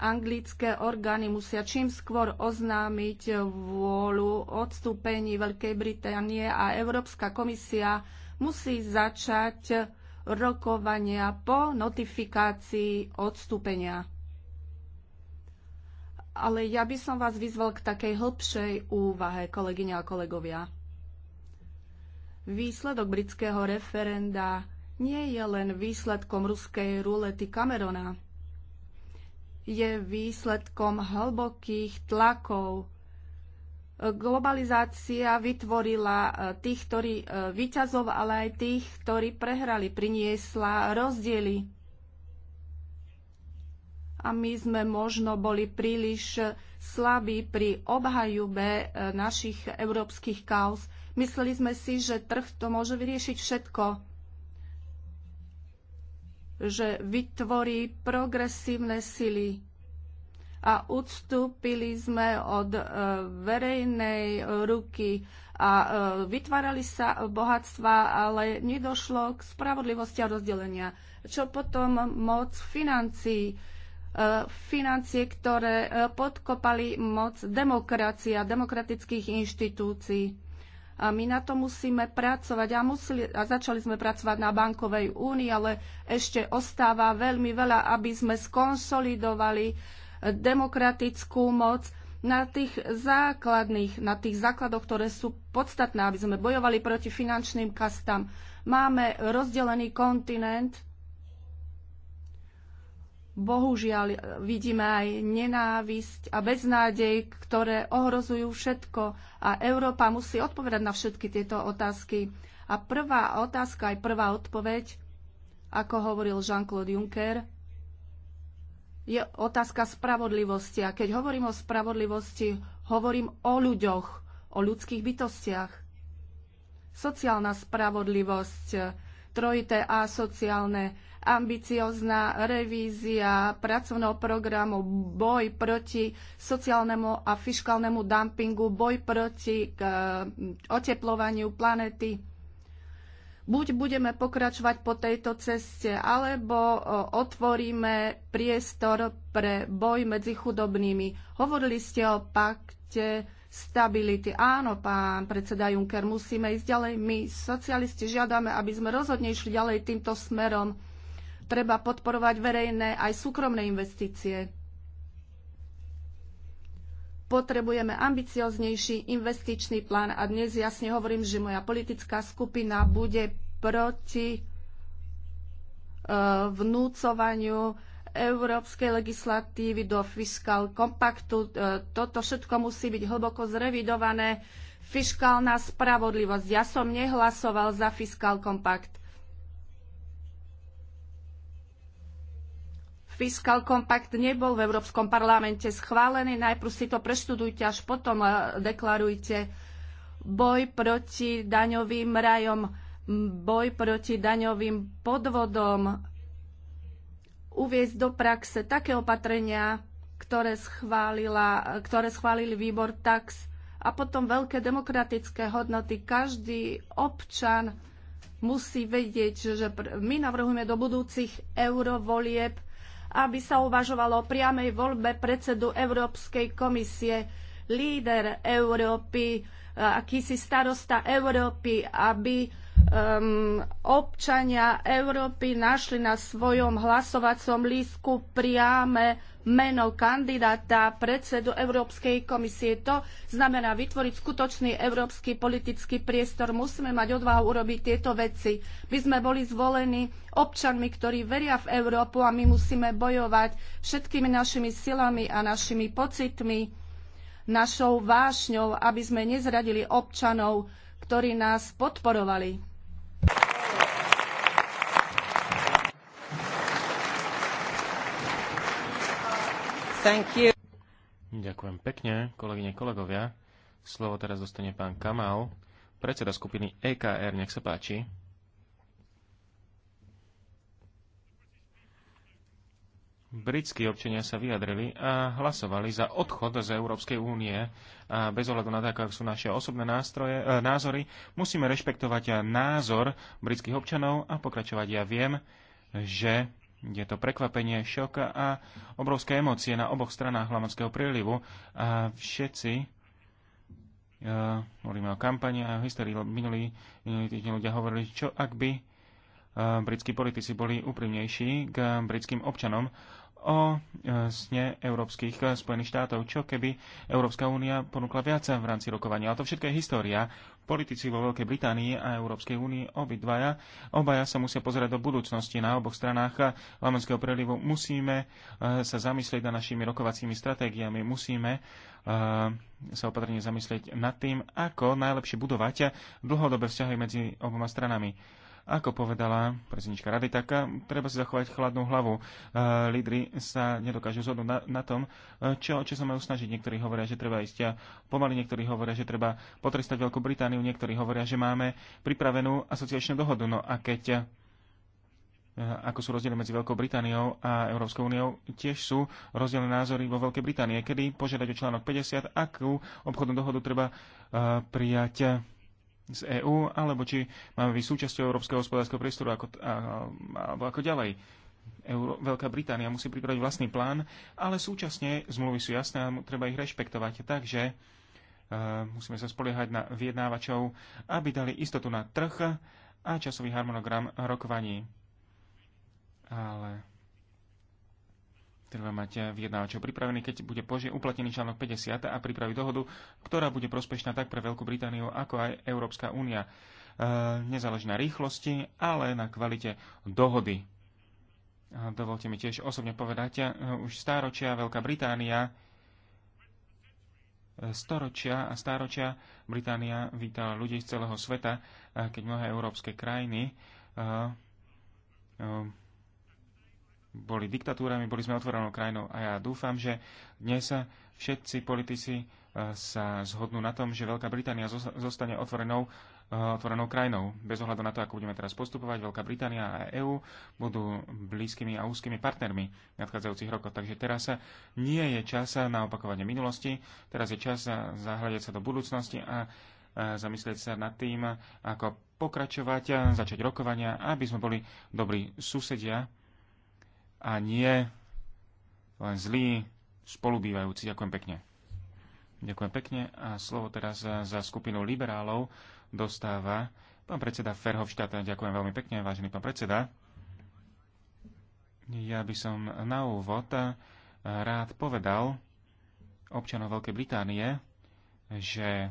anglické orgány musia čím skôr oznámiť vôľu odstúpení Veľkej Británie a Európska komisia musí začať rokovania po notifikácii odstúpenia. Ale ja by som vás vyzval k takej hĺbšej úvahe, kolegyne a kolegovia. Výsledok britského referenda nie je len výsledkom ruskej rulety Camerona je výsledkom hlbokých tlakov. Globalizácia vytvorila e, tých, ktorí e, vyťazov, ale aj tých, ktorí prehrali, priniesla rozdiely. A my sme možno boli príliš slabí pri obhajube e, našich európskych kaos. Mysleli sme si, že trh to môže vyriešiť všetko že vytvorí progresívne sily. A odstúpili sme od e, verejnej ruky a e, vytvárali sa bohatstva, ale nedošlo k spravodlivosti a rozdelenia. Čo potom moc financií, e, financie, ktoré podkopali moc demokracia, demokratických inštitúcií a my na to musíme pracovať a, museli, a začali sme pracovať na bankovej únii, ale ešte ostáva veľmi veľa, aby sme skonsolidovali eh, demokratickú moc na tých základných, na tých základoch, ktoré sú podstatné, aby sme bojovali proti finančným kastám. Máme rozdelený kontinent, bohužiaľ eh, vidíme aj nenávisť a beznádej, ktoré ohrozujú všetko a Európa musí odpovedať na všetky tieto otázky. A prvá otázka, aj prvá odpoveď, ako hovoril Jean-Claude Juncker, je otázka spravodlivosti. A keď hovorím o spravodlivosti, hovorím o ľuďoch, o ľudských bytostiach. Sociálna spravodlivosť, trojité a sociálne ambiciozná revízia pracovného programu, boj proti sociálnemu a fiskálnemu dumpingu, boj proti k, oteplovaniu planety. Buď budeme pokračovať po tejto ceste, alebo otvoríme priestor pre boj medzi chudobnými. Hovorili ste o pakte stability. Áno, pán predseda Juncker, musíme ísť ďalej. My, socialisti, žiadame, aby sme rozhodne išli ďalej týmto smerom treba podporovať verejné aj súkromné investície. Potrebujeme ambicioznejší investičný plán a dnes jasne hovorím, že moja politická skupina bude proti e, vnúcovaniu európskej legislatívy do fiskál kompaktu. E, toto všetko musí byť hlboko zrevidované. Fiškálna spravodlivosť. Ja som nehlasoval za fiskál kompakt. Fiscal Compact nebol v Európskom parlamente schválený. Najprv si to preštudujte, až potom eh, deklarujte boj proti daňovým rajom, boj proti daňovým podvodom, uviezť do praxe také opatrenia, ktoré, schválila, ktoré schválili výbor tax a potom veľké demokratické hodnoty. Každý občan musí vedieť, že my navrhujeme do budúcich eurovolieb aby sa uvažovalo o priamej voľbe predsedu Európskej komisie. Líder Európy Eh, akýsi starosta Európy, aby um, občania Európy našli na svojom hlasovacom lístku priame meno kandidáta predsedu Európskej komisie. To znamená vytvoriť skutočný európsky politický priestor. Musíme mať odvahu urobiť tieto veci. My sme boli zvolení občanmi, ktorí veria v Európu a my musíme bojovať všetkými našimi silami a našimi pocitmi našou vášňou, aby sme nezradili občanov, ktorí nás podporovali. Ďakujem pekne, kolegyne, kolegovia. Slovo teraz dostane pán Kamal, predseda skupiny EKR. Nech sa páči. britskí občania sa vyjadrili a hlasovali za odchod z Európskej únie. A bez ohľadu na to, ako sú naše osobné nástroje, e, názory, musíme rešpektovať názor britských občanov a pokračovať. Ja viem, že je to prekvapenie, šok a obrovské emócie na oboch stranách Lamanského prílivu. A všetci Uh, hovoríme o kampani a o histórii. Minulý, minulý týždeň ľudia hovorili, čo ak by e, britskí politici boli úprimnejší k britským občanom o e, sne európskych e, Spojených štátov. Čo keby Európska únia ponúkla viac v rámci rokovania? Ale to všetko je história. Politici vo Veľkej Británii a Európskej únii obidvaja, obaja sa musia pozerať do budúcnosti. Na oboch stranách Lamanského prelivu musíme e, sa zamyslieť nad našimi rokovacími stratégiami. Musíme sa opatrne zamyslieť nad tým, ako najlepšie budovať dlhodobé vzťahy medzi oboma stranami ako povedala prezidentka rady, tak eh, treba si zachovať chladnú hlavu. Eh, lídry sa nedokážu zhodnúť na, na tom, eh, čo, čo sa majú snažiť. Niektorí hovoria, že treba ísť pomaly, niektorí hovoria, že treba potrestať Veľkú Britániu, niektorí hovoria, že máme pripravenú asociačnú dohodu. No a keď ako sú rozdiely medzi Veľkou Britániou a Európskou úniou, tiež sú rozdielne názory vo Veľkej Británie. Kedy požiadať o článok 50, akú obchodnú dohodu treba prijať z EÚ, alebo či máme byť súčasťou Európskeho hospodárskeho priestoru ako, alebo ako ďalej. Euró- Veľká Británia musí pripraviť vlastný plán, ale súčasne zmluvy sú jasné a treba ich rešpektovať. Takže e, musíme sa spoliehať na vyjednávačov, aby dali istotu na trh a časový harmonogram rokovaní. Ale treba mať eh, vyjednávačov pripravený, keď bude poži- uplatnený článok 50 a pripraviť dohodu, ktorá bude prospešná tak pre Veľkú Britániu, ako aj Európska únia. E, nezáleží na rýchlosti, ale na kvalite dohody. E, dovolte mi tiež osobne povedať, eh, už stáročia Veľká Británia storočia a stáročia Británia vítala ľudí z celého sveta, keď mnohé európske krajiny e, boli diktatúrami, boli sme otvorenou krajinou a ja dúfam, že dnes sa všetci politici e, sa zhodnú na tom, že Veľká Británia zostane otvorenou, e, otvorenou krajinou. Bez ohľadu na to, ako budeme teraz postupovať, Veľká Británia a EÚ budú blízkymi a úzkými partnermi v nadchádzajúcich rokoch. Takže teraz nie je čas na opakovanie minulosti, teraz je čas zahľadiť sa do budúcnosti a zamyslieť sa nad tým, ako pokračovať, začať rokovania, aby sme boli dobrí susedia a nie len zlí spolubývajúci. Ďakujem pekne. Ďakujem pekne a slovo teraz za, skupinu liberálov dostáva pán predseda Ferhovštáta Ďakujem veľmi pekne, vážený pán predseda. Ja by som na úvod rád povedal občanov Veľkej Británie, že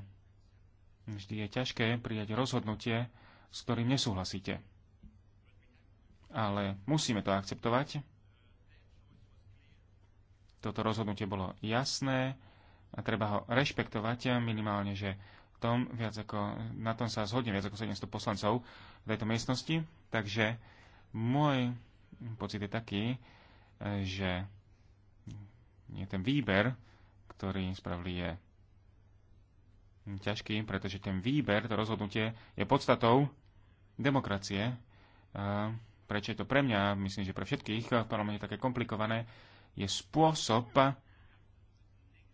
vždy je ťažké prijať rozhodnutie, s ktorým nesúhlasíte. Ale musíme to akceptovať, toto rozhodnutie bolo jasné a treba ho rešpektovať minimálne, že tom viac ako, na tom sa zhodne viac ako 700 poslancov v tejto miestnosti. Takže môj pocit je taký, e, že je ten výber, ktorý spravili, je ťažký, pretože ten výber, to rozhodnutie je podstatou demokracie. Prečo je to pre mňa, myslím, že pre všetkých v parlamente také komplikované, je spôsob,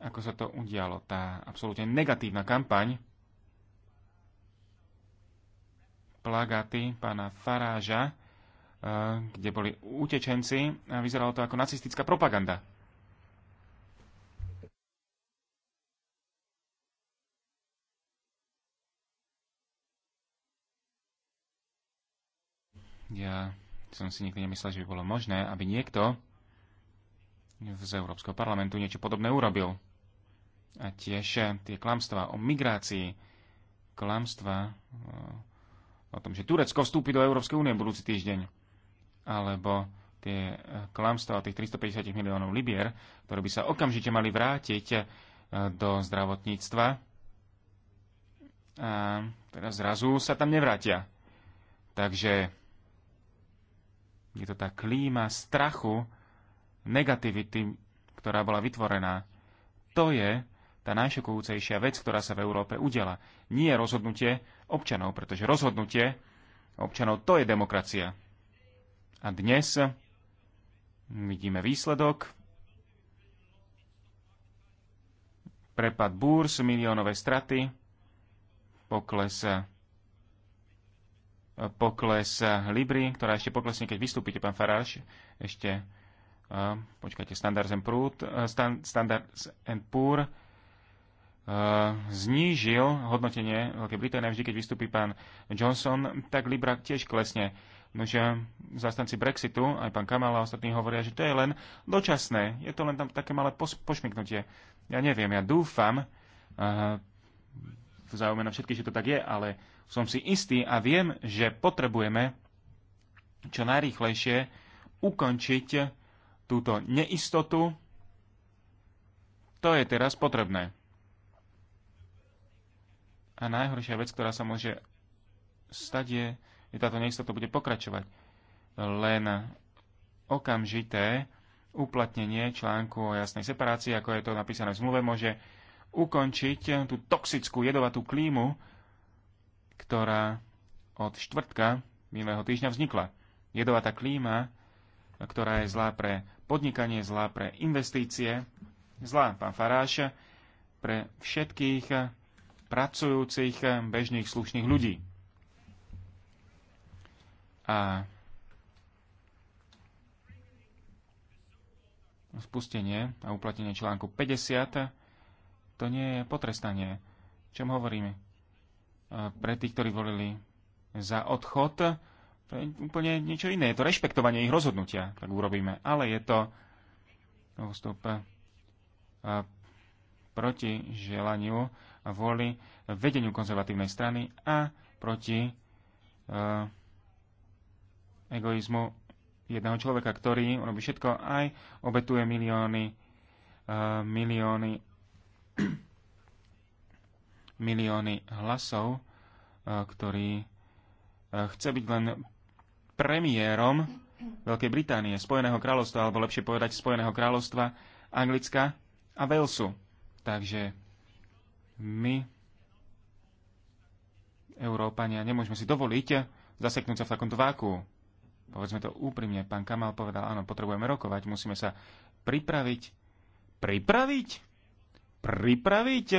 ako sa to udialo. Tá absolútne negatívna kampaň plagaty pána Faráža, eh, kde boli utečenci a vyzeralo to ako nacistická propaganda. Ja som si nikdy nemyslel, že by bolo možné, aby niekto z Európskeho parlamentu niečo podobné urobil. A tiež eh, tie klamstvá o migrácii, klamstvá eh, o tom, že Turecko vstúpi do Európskej únie budúci týždeň, alebo tie eh, klamstvá o tých 350 miliónov libier, ktoré by sa okamžite mali vrátiť do zdravotníctva, a teda zrazu sa tam nevrátia. Takže je to tá klíma strachu, negativity, ktorá bola vytvorená. To je tá najšokujúcejšia vec, ktorá sa v Európe udela. Nie je rozhodnutie občanov, pretože rozhodnutie občanov to je demokracia. A dnes vidíme výsledok. Prepad búrs, miliónové straty, pokles pokles Libry, ktorá ešte poklesne, keď vystúpite, pán Faráš, ešte počkajte, Standards and, Poor, eh, stand, Standards and Poor eh, znížil hodnotenie Veľkej Británie. Vždy, keď vystúpi pán Johnson, tak Libra tiež klesne. Nože zastanci Brexitu, aj pán Kamala a ostatní hovoria, že to je len dočasné. Je to len tam také malé pošmyknutie. Ja neviem, ja dúfam, uh, v záujme na všetky, že to tak je, ale som si istý a viem, že potrebujeme čo najrýchlejšie ukončiť túto neistotu, to je teraz potrebné. A najhoršia vec, ktorá sa môže stať, je, že táto neistota bude pokračovať. Len okamžité uplatnenie článku o jasnej separácii, ako je to napísané v zmluve, môže ukončiť tú toxickú jedovatú klímu, ktorá od štvrtka minulého týždňa vznikla. Jedovatá klíma ktorá je zlá pre podnikanie, zlá pre investície, zlá, pán Faráš, pre všetkých pracujúcich bežných slušných ľudí. A spustenie a uplatnenie článku 50 to nie je potrestanie. Čom hovoríme? Pre tých, ktorí volili za odchod, to je úplne niečo iné. Je to rešpektovanie ich rozhodnutia, tak urobíme. Ale je to postup eh, proti želaniu a vôli vedeniu konzervatívnej strany a proti eh, egoizmu jedného človeka, ktorý robí všetko, aj obetuje milióny, eh, milióny, milióny hlasov, ktorý chce byť len premiérom Veľkej Británie, Spojeného kráľovstva, alebo lepšie povedať Spojeného kráľovstva, Anglicka a Walesu. Takže my, Európania, nemôžeme si dovoliť zaseknúť sa v takomto váku. Povedzme to úprimne, pán Kamal povedal, áno, potrebujeme rokovať, musíme sa pripraviť. Pripraviť? Pripraviť?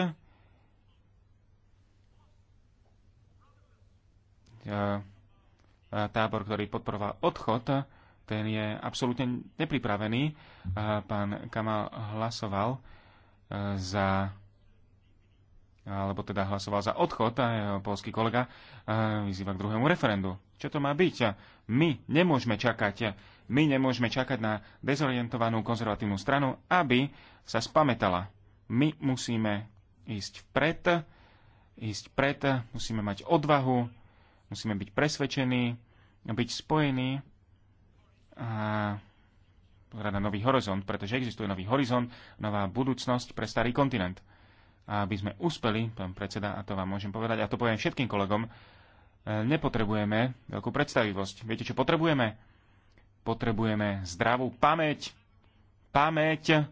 Uh, E, tábor, ktorý podporoval odchod, ten je absolútne nepripravený. E, pán Kamal hlasoval e, za alebo teda hlasoval za odchod a jeho polský kolega vyzýva k druhému referendu. Čo to má byť? My nemôžeme čakať. My nemôžeme čakať na dezorientovanú konzervatívnu stranu, aby sa spametala. My musíme ísť vpred, ísť pred, musíme mať odvahu, Musíme byť presvedčení, byť spojení a pozerať na nový horizont, pretože existuje nový horizont, nová budúcnosť pre starý kontinent. A aby sme uspeli, pán predseda, a to vám môžem povedať, a to poviem všetkým kolegom, e, nepotrebujeme veľkú predstavivosť. Viete, čo potrebujeme? Potrebujeme zdravú pamäť. Pamäť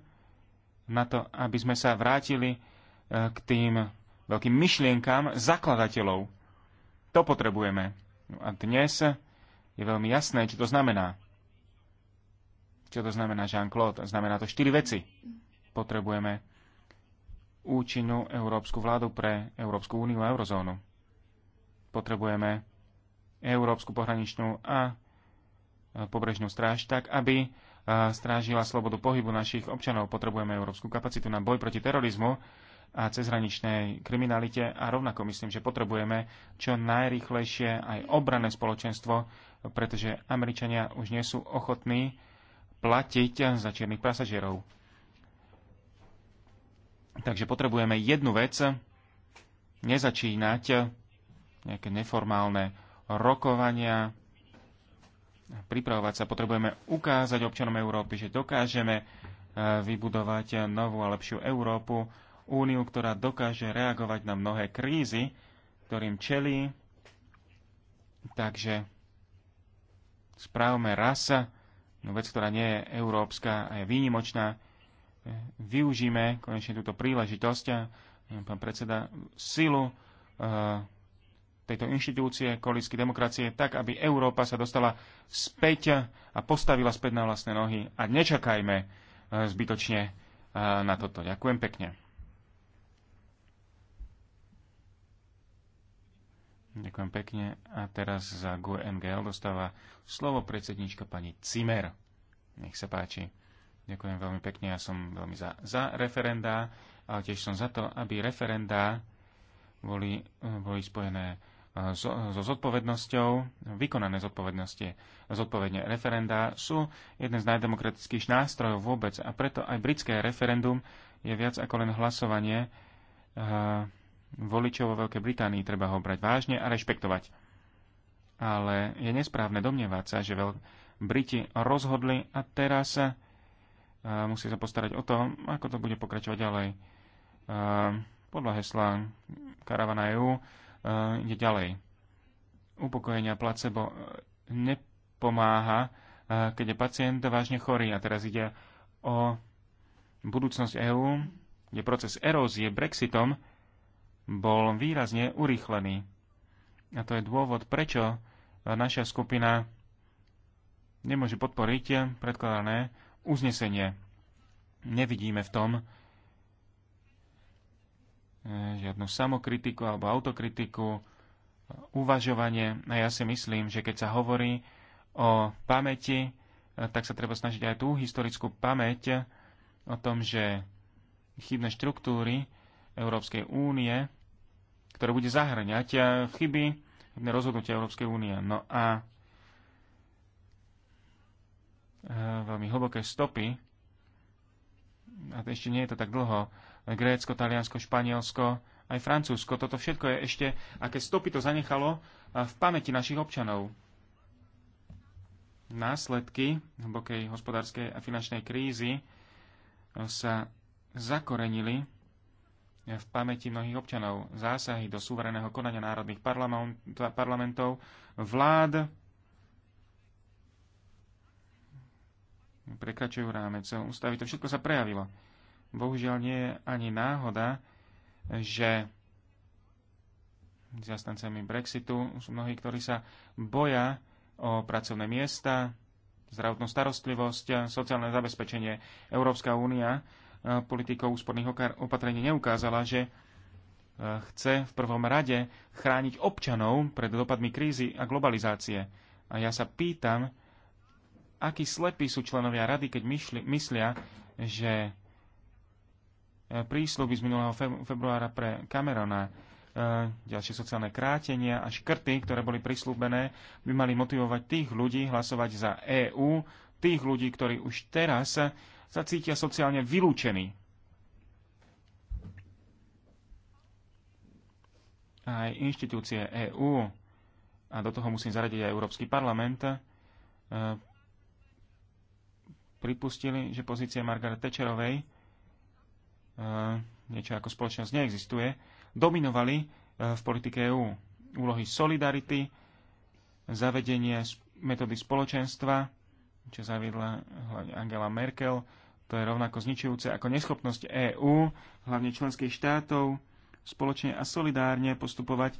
na to, aby sme sa vrátili e, k tým veľkým myšlienkám zakladateľov. To potrebujeme. No a dnes je veľmi jasné, čo to znamená. Čo to znamená Jean-Claude? Znamená to štyri veci. Potrebujeme účinnú európsku vládu pre Európsku úniu a eurozónu. Potrebujeme európsku pohraničnú a e, pobrežnú stráž tak, aby e, strážila slobodu pohybu našich občanov. Potrebujeme európsku kapacitu na boj proti terorizmu a cezhraničnej kriminalite a rovnako myslím, že potrebujeme čo najrýchlejšie aj obrané spoločenstvo, pretože Američania už nie sú ochotní platiť za čiernych pasažierov. Takže potrebujeme jednu vec, nezačínať nejaké neformálne rokovania, pripravovať sa. Potrebujeme ukázať občanom Európy, že dokážeme eh, vybudovať novú a lepšiu Európu, úniu, ktorá dokáže reagovať na mnohé krízy, ktorým čelí. Takže správme rasa, no vec, ktorá nie je európska a je výnimočná. E, využíme konečne túto príležitosť a e, pán predseda silu e, tejto inštitúcie kolísky demokracie tak, aby Európa sa dostala späť a postavila späť na vlastné nohy. A nečakajme zbytočne na toto. Ďakujem pekne. Ďakujem pekne. A teraz za e NGL dostáva slovo predsednička pani Cimer. Nech sa páči. Ďakujem veľmi pekne. Ja som veľmi za, za referenda, ale tiež som za to, aby referenda boli, eh, boli spojené eh, so, so zodpovednosťou, vykonané zodpovednosti, zodpovedne referendá sú jeden z najdemokratických nástrojov vôbec a preto aj britské referendum je viac ako len hlasovanie uh, voličov vo Veľkej Británii, treba ho brať vážne a rešpektovať. Ale je nesprávne domnievať sa, že Veľ- Briti rozhodli a teraz sa e, musí sa postarať o to, ako to bude pokračovať ďalej. E, podľa hesla Karavana EU e, ide ďalej. Upokojenia placebo nepomáha, keď je pacient vážne chorý. A teraz ide o budúcnosť EÚ, kde proces erózie Brexitom bol výrazne urýchlený. A to je dôvod, prečo naša skupina nemôže podporiť predkladané uznesenie. Nevidíme v tom e, žiadnu samokritiku alebo autokritiku, uvažovanie. A ja si myslím, že keď sa hovorí o pamäti, e, tak sa treba snažiť aj tú historickú pamäť o tom, že chybné štruktúry Európskej únie ktoré bude zahrňať eh, chyby rozhodnutia Európskej únie. No a eh, veľmi hlboké stopy, a to ešte nie je to tak dlho, Grécko, Taliansko, Španielsko, aj Francúzsko, toto všetko je ešte, aké stopy to zanechalo eh, v pamäti našich občanov. Následky hlbokej hospodárskej a finančnej krízy sa zakorenili v pamäti mnohých občanov. Zásahy do suvereného konania národných parlamentov, vlád prekračujú rámec ústavy. To všetko sa prejavilo. Bohužiaľ nie je ani náhoda, že zastancami Brexitu sú mnohí, ktorí sa boja o pracovné miesta, zdravotnú starostlivosť, sociálne zabezpečenie. Európska únia politikou úsporných opatrení neukázala, že e, chce v prvom rade chrániť občanov pred dopadmi krízy a globalizácie. A ja sa pýtam, akí slepí sú členovia rady, keď myšli, myslia, že e, prísľuby z minulého februára pre Camerona, e, ďalšie sociálne krátenia a škrty, ktoré boli prislúbené, by mali motivovať tých ľudí hlasovať za EÚ, tých ľudí, ktorí už teraz sa cítia sociálne vylúčení. Aj inštitúcie EÚ, a do toho musím zaradiť aj Európsky parlament, e, pripustili, že pozícia Margaret Thatcherovej, e, niečo ako spoločnosť neexistuje, dominovali e, v politike EÚ. Úlohy solidarity, zavedenie metódy spoločenstva, čo zaviedla hlavne Angela Merkel, to je rovnako zničujúce ako neschopnosť EÚ, hlavne členských štátov, spoločne a solidárne postupovať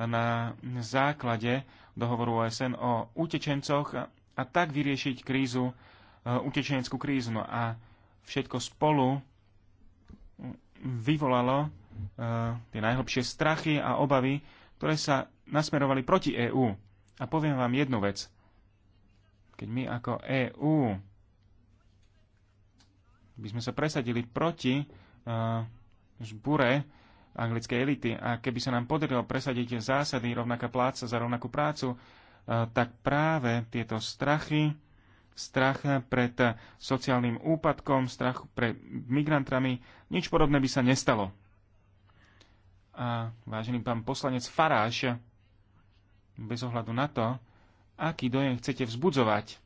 na základe dohovoru OSN o utečencoch a tak vyriešiť krízu, e, utečeneckú krízu. No a všetko spolu vyvolalo e, tie najhlbšie strachy a obavy, ktoré sa nasmerovali proti EÚ. A poviem vám jednu vec. Keď my ako EÚ by sme sa presadili proti uh, žbure anglickej elity a keby sa nám podarilo presadiť zásady rovnaká pláca za rovnakú prácu, uh, tak práve tieto strachy, strach pred sociálnym úpadkom, strach pred migrantami, nič podobné by sa nestalo. A vážený pán poslanec Faráš, bez ohľadu na to, aký dojem chcete vzbudzovať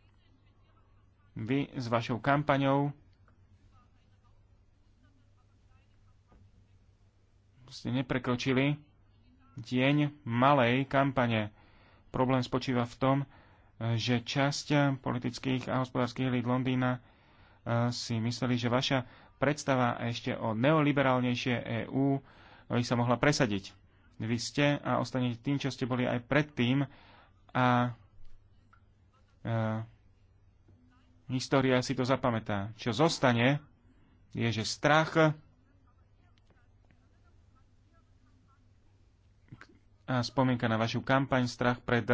vy s vašou kampaňou. ste neprekročili deň malej kampane. Problém spočíva v tom, že časť politických a hospodárskych elít Londýna e, si mysleli, že vaša predstava ešte o neoliberálnejšie EÚ by e, sa mohla presadiť. Vy ste a ostanete tým, čo ste boli aj predtým a E, história si to zapamätá. Čo zostane, je, že strach a spomienka na vašu kampaň strach pred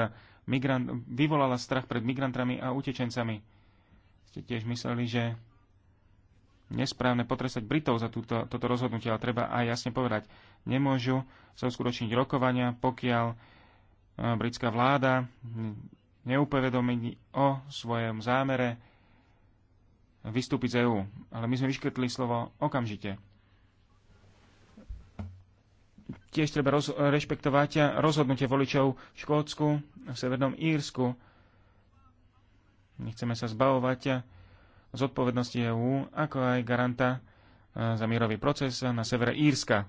migrant, vyvolala strach pred migrantami a utečencami. Ste tiež mysleli, že nesprávne potresať Britov za túto, toto rozhodnutie, ale treba aj jasne povedať, nemôžu sa uskutočniť rokovania, pokiaľ e, britská vláda neupovedomiť o svojom zámere vystúpiť z EÚ. Ale my sme vyškrtli slovo okamžite. Tiež treba roz- rešpektovať rozhodnutie voličov v Škótsku, v Severnom Írsku. Nechceme sa zbavovať zodpovednosti EÚ, ako aj garanta e, za mírový proces na severe Írska.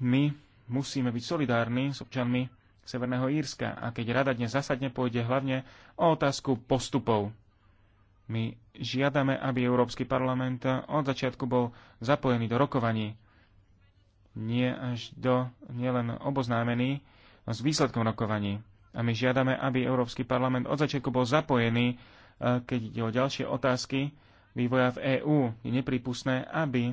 My musíme byť solidárni s občanmi Severného Írska a keď rada dnes zasadne, pôjde hlavne o otázku postupov. My žiadame, aby Európsky parlament od začiatku bol zapojený do rokovaní, nie až do nielen oboznámený s výsledkom rokovaní. A my žiadame, aby Európsky parlament od začiatku bol zapojený, e, keď ide o ďalšie otázky vývoja v EÚ. Je nepripustné, aby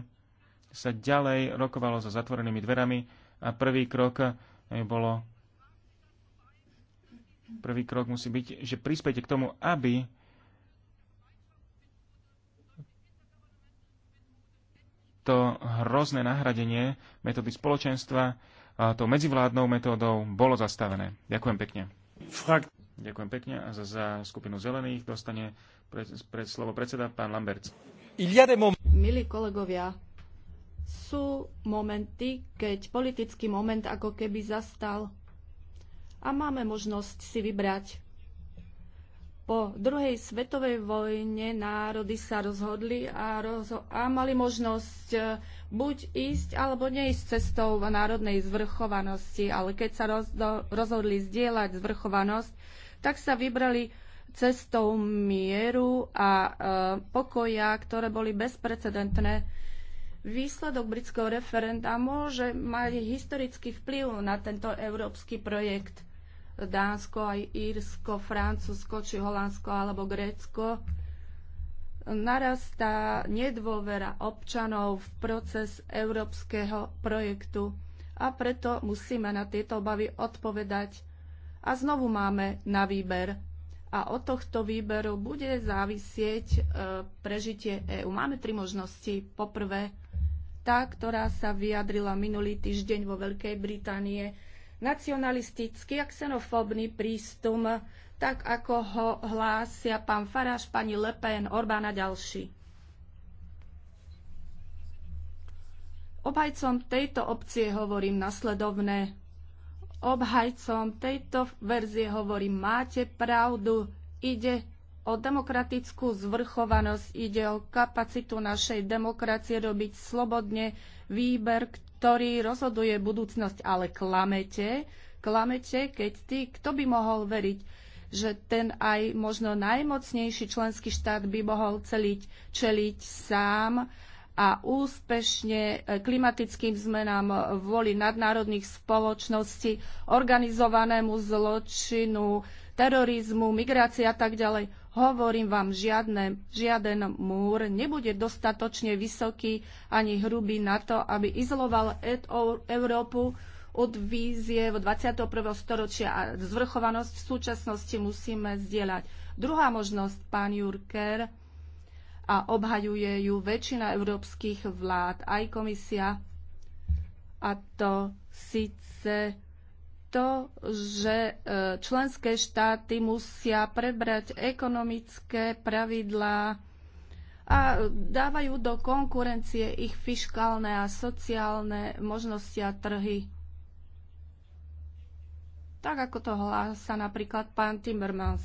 sa ďalej rokovalo za zatvorenými dverami a prvý krok eh, bolo prvý krok musí byť, že prispäte k tomu, aby to hrozné nahradenie metódy spoločenstva a tou medzivládnou metódou bolo zastavené. Ďakujem pekne. Frak- Ďakujem pekne a za, za skupinu zelených dostane pre pre slovo predseda pán Lamberts. Milí kolegovia, sú momenty, keď politický moment ako keby zastal a máme možnosť si vybrať. Po druhej svetovej vojne národy sa rozhodli a, rozho- a mali možnosť e, buď ísť alebo neísť cestou národnej zvrchovanosti, ale keď sa rozdo- rozhodli zdieľať zvrchovanosť, tak sa vybrali cestou mieru a e, pokoja, ktoré boli bezprecedentné Výsledok britského referenda môže mať historický vplyv na tento európsky projekt. Dánsko, aj Írsko, Francúzsko, či Holandsko alebo Grécko narastá nedôvera občanov v proces európskeho projektu a preto musíme na tieto obavy odpovedať. A znovu máme na výber. A od tohto výberu bude závisieť e, prežitie EÚ. Máme tri možnosti. Poprvé, tá, ktorá sa vyjadrila minulý týždeň vo Veľkej Británie. Nacionalistický a xenofóbny prístup, tak ako ho hlásia pán Faráš, pani Le Pen, Orbán a ďalší. Obhajcom tejto opcie hovorím nasledovné. Obhajcom tejto verzie hovorím, máte pravdu, ide o demokratickú zvrchovanosť, ide o kapacitu našej demokracie robiť slobodne výber, ktorý rozhoduje budúcnosť. Ale klamete, klamete, keď ty, kto by mohol veriť, že ten aj možno najmocnejší členský štát by mohol celiť, čeliť sám a úspešne e, klimatickým zmenám voli nadnárodných spoločností, organizovanému zločinu, terorizmu, migrácii a tak ďalej. Hovorím vám, žiadne, žiaden múr nebude dostatočne vysoký ani hrubý na to, aby izoloval Európu od vízie v 21. storočia a zvrchovanosť v súčasnosti musíme zdieľať. Druhá možnosť, pán Jurker, a obhajuje ju väčšina európskych vlád, aj komisia, a to síce to, že e, členské štáty musia prebrať ekonomické pravidlá a dávajú do konkurencie ich fiškálne a sociálne možnosti a trhy. Tak ako to hlása napríklad pán Timmermans.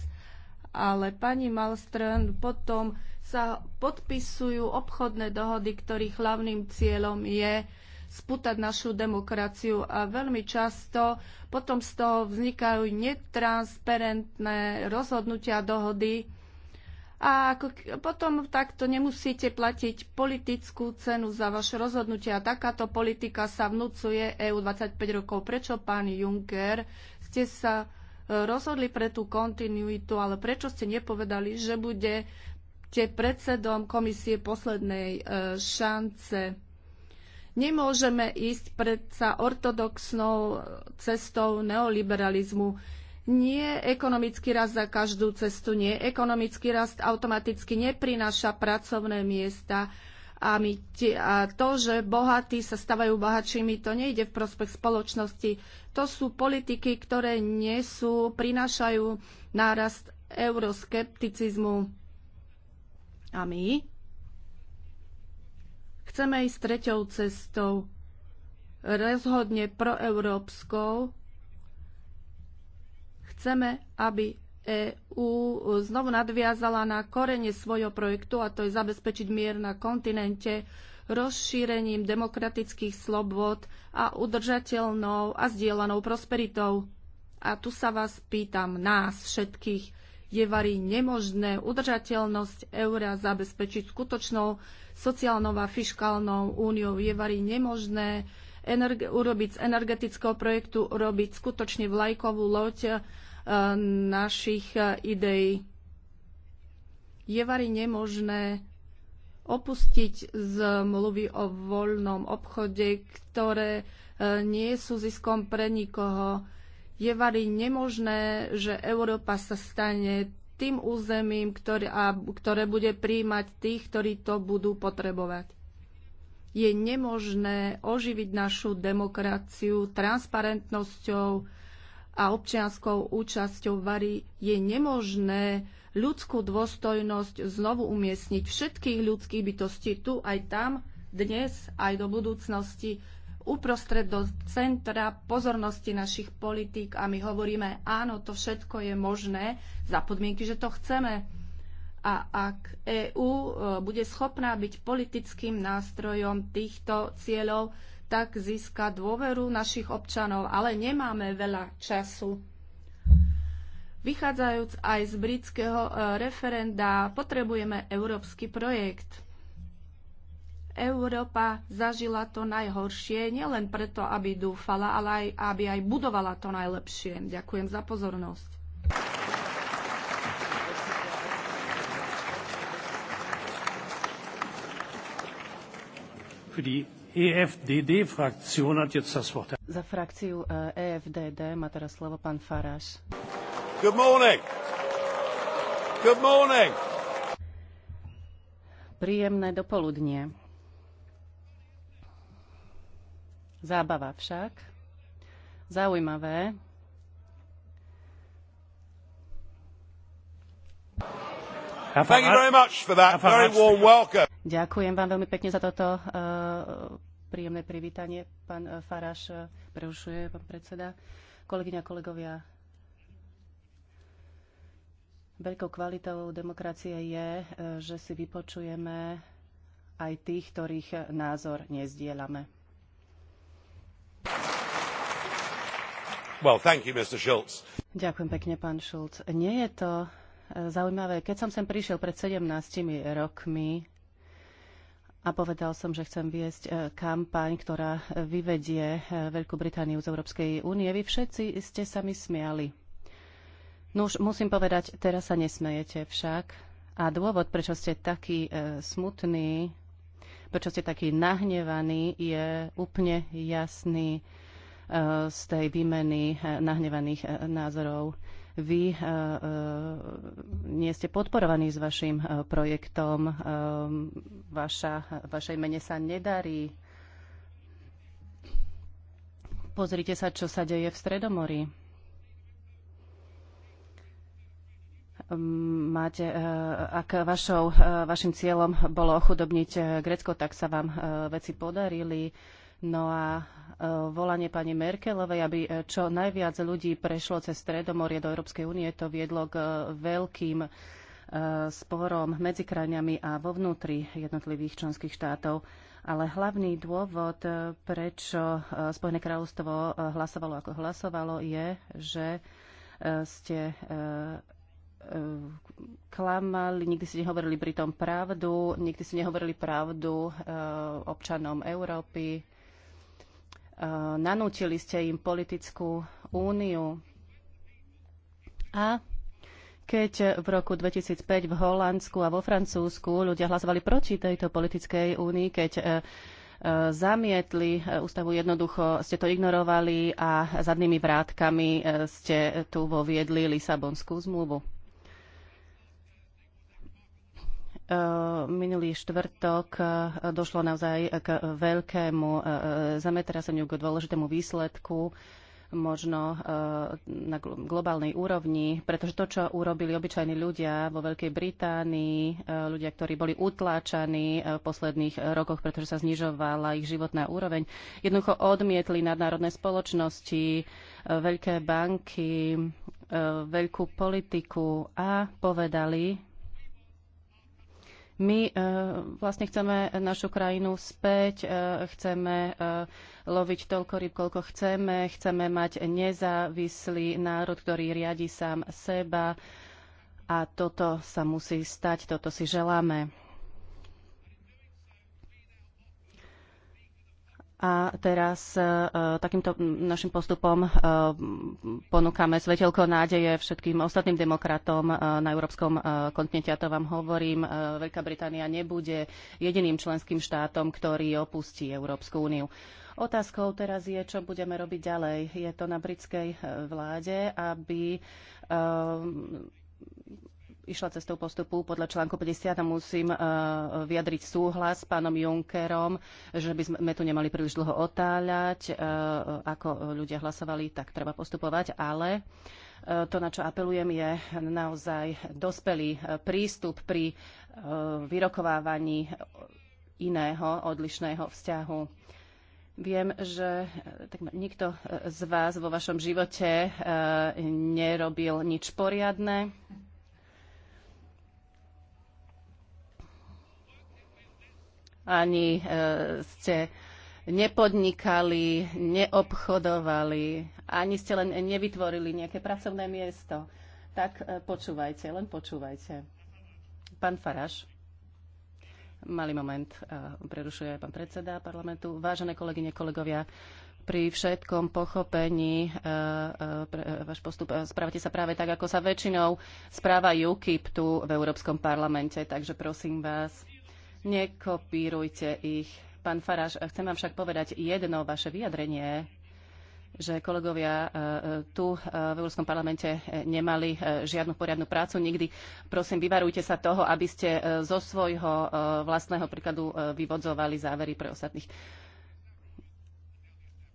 Ale pani Malström potom sa podpisujú obchodné dohody, ktorých hlavným cieľom je spútať našu demokraciu a veľmi často potom z toho vznikajú netransparentné rozhodnutia dohody a ako, potom takto nemusíte platiť politickú cenu za vaše rozhodnutia. Takáto politika sa vnúcuje EU 25 rokov. Prečo, pán Juncker, ste sa e, rozhodli pre tú kontinuitu, ale prečo ste nepovedali, že budete predsedom komisie poslednej e, šance? Nemôžeme ísť predsa ortodoxnou cestou neoliberalizmu. Nie ekonomický rast za každú cestu, nie ekonomický rast automaticky neprináša pracovné miesta a, my, a to, že bohatí sa stavajú bohatšími, to nejde v prospech spoločnosti. To sú politiky, ktoré nie sú, prinášajú nárast euroskepticizmu. A my Chceme ísť treťou cestou, rozhodne proeurópskou. Chceme, aby EÚ znovu nadviazala na korene svojho projektu, a to je zabezpečiť mier na kontinente rozšírením demokratických slobod a udržateľnou a zdieľanou prosperitou. A tu sa vás pýtam, nás všetkých, je varí nemožné udržateľnosť eura zabezpečiť skutočnou sociálnou a fiskálnou úniou. Je varí nemožné urobiť z energetického projektu urobiť skutočne vlajkovú loď e, našich e, ideí. Je varí nemožné opustiť z mluvy o voľnom obchode, ktoré e, nie sú ziskom pre nikoho. Je vary nemožné, že Európa sa stane tým územím, ktoré, a, ktoré bude príjmať tých, ktorí to budú potrebovať. Je nemožné oživiť našu demokraciu transparentnosťou a občianskou účasťou Vary. Je nemožné ľudskú dôstojnosť znovu umiestniť všetkých ľudských bytostí tu aj tam, dnes aj do budúcnosti uprostred do centra pozornosti našich politík a my hovoríme, áno, to všetko je možné za podmienky, že to chceme. A ak EÚ e, bude schopná byť politickým nástrojom týchto cieľov, tak získa dôveru našich občanov, ale nemáme veľa času. Vychádzajúc aj z britského e, referenda, potrebujeme európsky projekt Európa zažila to najhoršie, nielen preto, aby dúfala, ale aj aby aj budovala to najlepšie. Ďakujem za pozornosť. E za frakciu EFDD e má teraz slovo pán Faráš. Good morning. Good morning. Príjemné dopoludnie. Zábava však. Zaujímavé. Ďakujem vám veľmi pekne za toto uh, príjemné privítanie. Pán uh, eh, Faraš uh, eh, prerušuje, pán predseda. Kolegyňa, kolegovia, veľkou kvalitou demokracie je, uh, že si vypočujeme aj tých, ktorých názor nezdielame. Well, thank you, Mr. Schultz. Ďakujem pekne, pán Schultz. Nie je to e, zaujímavé. Keď som sem prišiel pred 17 rokmi a povedal som, že chcem viesť e, kampaň, ktorá vyvedie e, Veľkú Britániu z Európskej únie, vy všetci ste sa mi smiali. No už musím povedať, teraz sa nesmejete však. A dôvod, prečo ste taký smutný, prečo ste taký nahnevaný, je úplne jasný z tej výmeny eh, nahnevaných eh, názorov. Vy eh, nie ste podporovaní s vašim projektom, Vaša, vašej mene sa nedarí. Pozrite sa, čo sa deje v Stredomori. máte, ak vašou, vašim cieľom bolo ochudobniť Grecko, tak sa vám veci podarili. No a volanie pani Merkelovej, aby e, čo najviac ľudí prešlo cez Stredomorie do Európskej únie, to viedlo k e, veľkým e, sporom medzi krajňami a vo vnútri jednotlivých členských štátov. Ale hlavný dôvod, prečo Spojené kráľovstvo hlasovalo ako hlasovalo, je, že ste klamali, nikdy ste nehovorili pritom pravdu, nikdy ste nehovorili pravdu občanom Európy, Eh, nanútili ste im politickú úniu. A keď v roku 2005 v Holandsku a vo Francúzsku ľudia hlasovali proti tejto politickej únii, keď eh, eh, zamietli ústavu, jednoducho ste to ignorovali a zadnými vrátkami ste tu voviedli Lisabonskú zmluvu. E, minulý štvrtok e, došlo naozaj k veľkému e, zametraseniu, k dôležitému výsledku možno na globálnej úrovni, pretože to, čo urobili obyčajní ľudia vo Veľkej Británii, ľudia, ktorí boli utláčaní v posledných rokoch, pretože sa znižovala ich životná úroveň, jednoducho odmietli nadnárodné spoločnosti, veľké banky, veľkú politiku a povedali, my e, vlastne chceme našu krajinu späť, e, chceme e, loviť toľko ryb, koľko chceme, chceme mať nezávislý národ, ktorý riadi sám seba a toto sa musí stať, toto si želáme. A teraz e, takýmto našim postupom e, ponúkame svetelko nádeje všetkým ostatným demokratom e, na európskom kontinente. Ja to vám hovorím, Veľká Británia nebude jediným členským štátom, ktorý opustí Európsku úniu. Otázkou teraz je, čo budeme robiť ďalej. Je to na britskej vláde, aby išla cestou postupu podľa článku 50 a musím eh, vyjadriť súhlas s pánom Junckerom, že by sme tu nemali príliš dlho otáľať. Eh, ako ľudia hlasovali, tak treba postupovať, ale eh, to, na čo apelujem, je naozaj dospelý prístup pri vyrokovávaní iného, odlišného vzťahu. Viem, že tak nikto z vás vo vašom živote nerobil nič poriadne. ani e, ste nepodnikali, neobchodovali, ani ste len nevytvorili nejaké pracovné miesto. Tak e, počúvajte, len počúvajte. Pán Faraš. Malý moment, e, prerušuje aj pán predseda parlamentu. Vážené kolegyne, kolegovia, pri všetkom pochopení váš postup správate sa práve tak, ako sa väčšinou správa UKIP tu v Európskom parlamente. Takže prosím vás, Nekopírujte ich. Pán Faráš, chcem vám však povedať jedno vaše vyjadrenie, že kolegovia e, e, tu e, v Európskom parlamente nemali žiadnu poriadnu prácu nikdy. Prosím, vyvarujte sa toho, aby ste zo svojho vlastného príkladu vyvodzovali závery pre ostatných.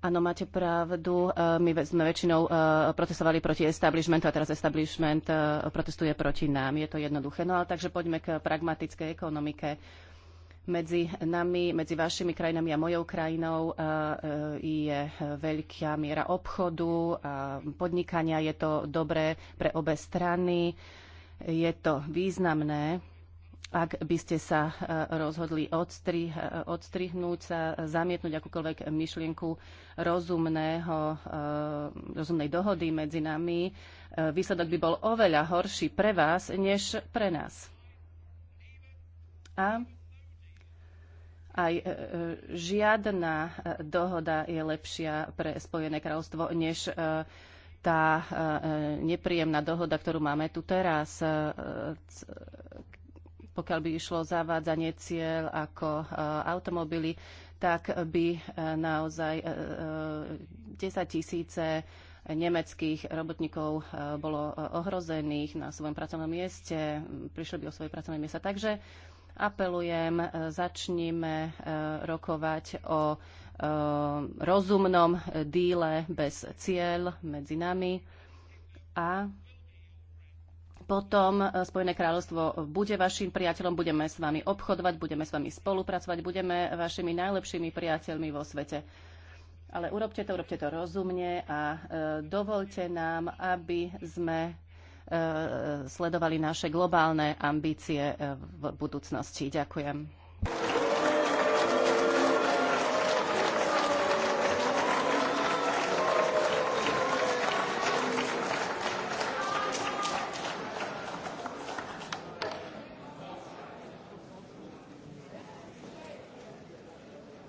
Áno, máte pravdu. My sme väčšinou protestovali proti establishmentu a teraz establishment protestuje proti nám. Je to jednoduché. No ale takže poďme k pragmatickej ekonomike medzi nami, medzi vašimi krajinami a mojou krajinou e, e, je veľká miera obchodu a podnikania. Je to dobré pre obe strany. Je to významné, ak by ste sa e, rozhodli odstrih, odstrihnúť sa, zamietnúť akúkoľvek myšlienku rozumného, rozumnej dohody medzi nami, výsledok by bol oveľa horší pre vás, než pre nás. A aj e, e, žiadna e, dohoda je lepšia pre Spojené kráľovstvo, než tá nepríjemná dohoda, ktorú máme tu teraz, pokiaľ by išlo zavádzanie cieľ ako automobily, tak by naozaj 10 tisíce nemeckých robotníkov bolo ohrozených na svojom pracovnom mieste, prišli by o svoje pracovné miesta. Takže apelujem, e, začnime e, rokovať o e, rozumnom díle bez cieľ medzi nami a potom Spojené kráľovstvo bude vašim priateľom, budeme s vami obchodovať, budeme s vami spolupracovať, budeme vašimi najlepšími priateľmi vo svete. Ale urobte to, urobte to rozumne a dovolte nám, aby sme sledovali naše globálne ambície e, v budúcnosti. Ďakujem.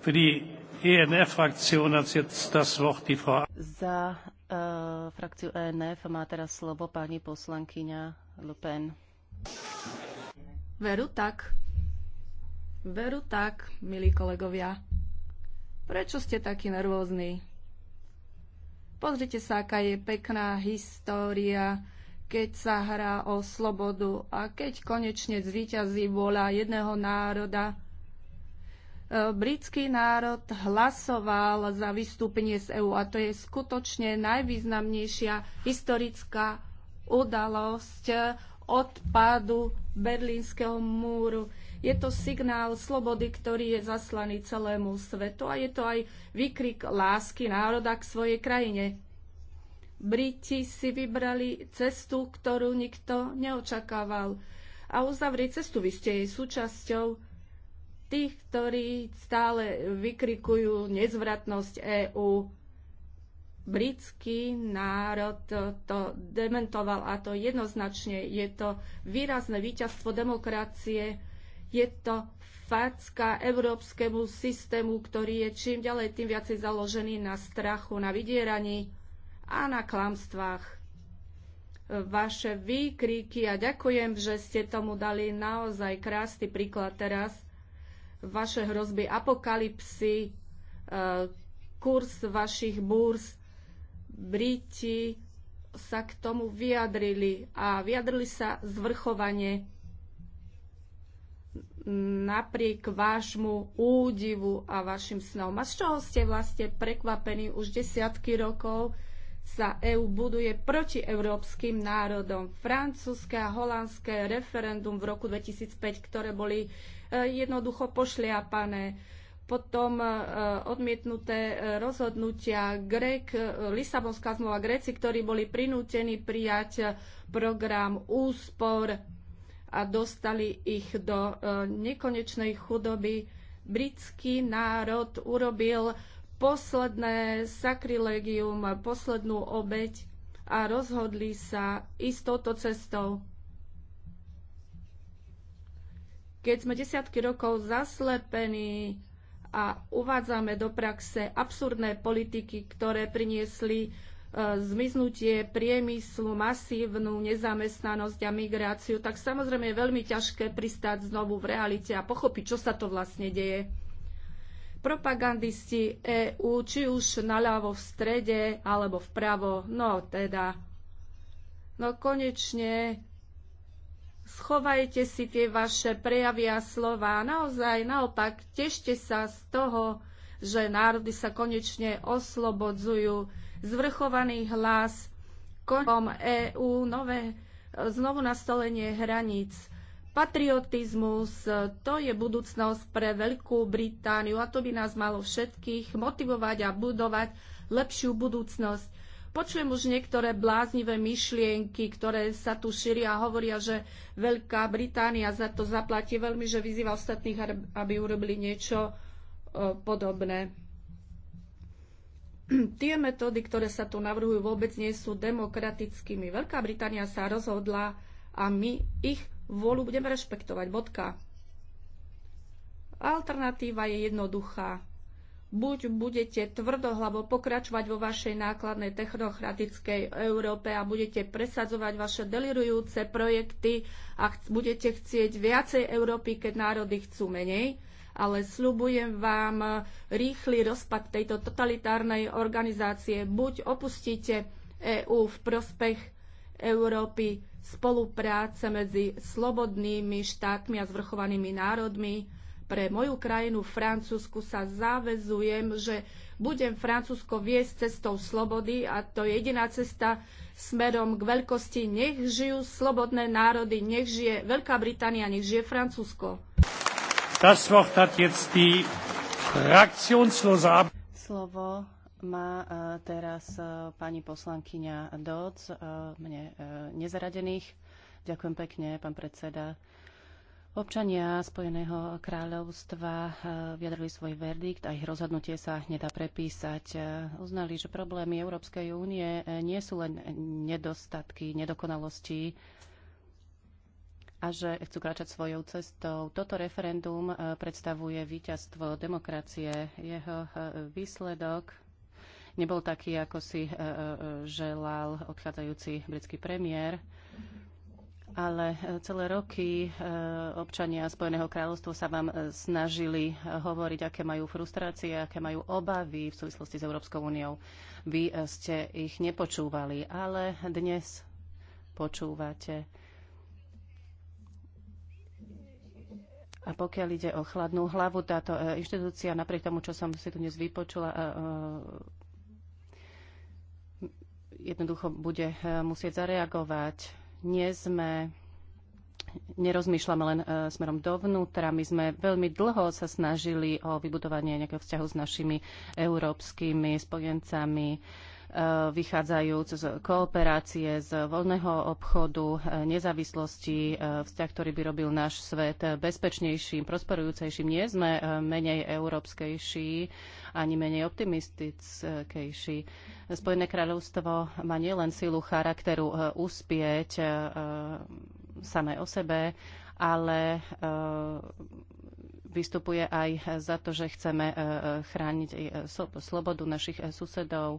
Für die ENF-Fraktion hat jetzt das Wort die Frau. Za E, frakciu ENF má teraz slovo pani poslankyňa Le Pen. Veru tak. Veru tak, milí kolegovia. Prečo ste takí nervózni? Pozrite sa, aká je pekná história, keď sa hrá o slobodu a keď konečne zvíťazí vola jedného národa, britský národ hlasoval za vystúpenie z EÚ a to je skutočne najvýznamnejšia historická udalosť odpadu berlínskeho múru. Je to signál slobody, ktorý je zaslaný celému svetu a je to aj výkrik lásky národa k svojej krajine. Briti si vybrali cestu, ktorú nikto neočakával. A uzavrieť cestu, vy ste jej súčasťou, tých, ktorí stále vykrikujú nezvratnosť EÚ. Britský národ to dementoval a to jednoznačne. Je to výrazné víťazstvo demokracie, je to facka európskemu systému, ktorý je čím ďalej tým viacej založený na strachu, na vydieraní a na klamstvách vaše výkriky a ďakujem, že ste tomu dali naozaj krásny príklad teraz vaše hrozby apokalipsy, e, kurz vašich búrs. Briti sa k tomu vyjadrili a vyjadrili sa zvrchovanie napriek vášmu údivu a vašim snom. A z čoho ste vlastne prekvapení už desiatky rokov sa EÚ buduje proti európskym národom. Francúzske a holandské referendum v roku 2005, ktoré boli E, jednoducho pošliapané. Potom e, odmietnuté e, rozhodnutia Grek, Lisabonská zmluva Gréci, ktorí boli prinútení prijať program úspor a dostali ich do nekonečnej chudoby. Britský národ urobil posledné sakrilegium, poslednú obeď a rozhodli sa ísť touto cestou. Keď sme desiatky rokov zaslepení a uvádzame do praxe absurdné politiky, ktoré priniesli e, zmiznutie priemyslu, masívnu nezamestnanosť a migráciu, tak samozrejme je veľmi ťažké pristáť znovu v realite a pochopiť, čo sa to vlastne deje. Propagandisti EÚ, či už naľavo v strede alebo vpravo, no teda. No konečne Schovajte si tie vaše prejavy a slova. Naozaj, naopak, tešte sa z toho, že národy sa konečne oslobodzujú. Zvrchovaný hlas, konom EÚ, nové znovu nastolenie hraníc. Patriotizmus, to je budúcnosť pre Veľkú Britániu a to by nás malo všetkých motivovať a budovať lepšiu budúcnosť. Počujem už niektoré bláznivé myšlienky, ktoré sa tu šíria a hovoria, že Veľká Británia za to zaplatí veľmi, že vyzýva ostatných, aby urobili niečo e, podobné. Tie metódy, ktoré sa tu navrhujú, vôbec nie sú demokratickými. Veľká Británia sa rozhodla a my ich vôľu budeme rešpektovať. Bodka. Alternatíva je jednoduchá buď budete tvrdohlavo pokračovať vo vašej nákladnej technokratickej Európe a budete presadzovať vaše delirujúce projekty a ch- budete chcieť viacej Európy, keď národy chcú menej, ale slubujem vám rýchly rozpad tejto totalitárnej organizácie. Buď opustíte EÚ v prospech Európy spolupráce medzi slobodnými štátmi a zvrchovanými národmi, pre moju krajinu Francúzsku sa záväzujem, že budem Francúzsko viesť cestou slobody a to je jediná cesta smerom k veľkosti. Nech žijú slobodné národy, nech žije Veľká Británia, nech žije Francúzsko. Das Wort hat jetzt die Slovo má e, teraz e, pani poslankyňa Doc, e, mne nezaradených. Ďakujem pekne, pán predseda. Občania Spojeného kráľovstva eh, vyjadrili svoj verdikt a ich rozhodnutie sa nedá prepísať. Eh, uznali, že problémy Európskej únie eh, nie sú len nedostatky, nedokonalosti a že chcú kráčať svojou cestou. Toto referendum predstavuje víťazstvo demokracie. Jeho výsledok nebol taký, ako si želal odchádzajúci britský premiér ale e, celé roky e, občania Spojeného kráľovstva sa vám e, snažili hovoriť, aké majú frustrácie, aké majú obavy v súvislosti s Európskou úniou. Vy ste ich nepočúvali, ale dnes počúvate. A pokiaľ ide o chladnú hlavu, táto inštitúcia, napriek tomu, čo som si tu dnes vypočula, jednoducho bude musieť zareagovať nie sme nerozmýšľame len e, smerom dovnútra. My sme veľmi dlho sa snažili o vybudovanie nejakého vzťahu s našimi európskymi spojencami. E, Eh, vychádzajúc z kooperácie, z voľného obchodu, eh, nezávislosti, eh, vzťah, ktorý by robil náš svet bezpečnejším, prosperujúcejším. Nie sme menej európskejší ani menej optimistickejší. Spojené kráľovstvo má nielen silu charakteru uspieť samé o sebe, ale vystupuje aj za to, že chceme chrániť slobodu našich susedov.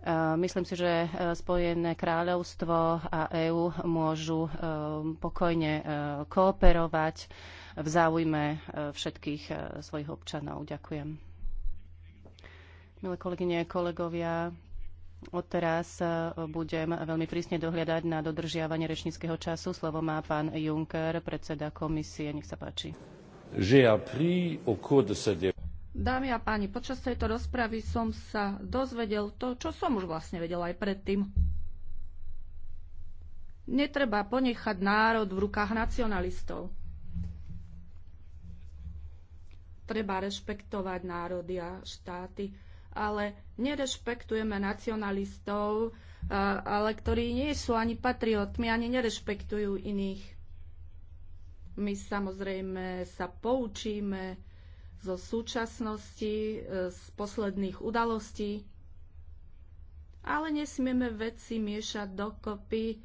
E, myslím si, že e, Spojené kráľovstvo a EÚ môžu e, pokojne kooperovať v záujme všetkých svojich občanov. Ďakujem. Milé kolegyne, kolegovia, odteraz budem veľmi prísne dohliadať na dodržiavanie rečníckého času. Slovo má pán Juncker, predseda komisie. Nech sa páči. J'ai appris au cours de cette Dámy a páni, počas tejto rozpravy som sa dozvedel to, čo som už vlastne vedel aj predtým. Netreba ponechať národ v rukách nacionalistov. Treba rešpektovať národy a štáty, ale nerešpektujeme nacionalistov, ale ktorí nie sú ani patriotmi, ani nerešpektujú iných. My samozrejme sa poučíme zo súčasnosti, e, z posledných udalostí. Ale nesmieme veci miešať dokopy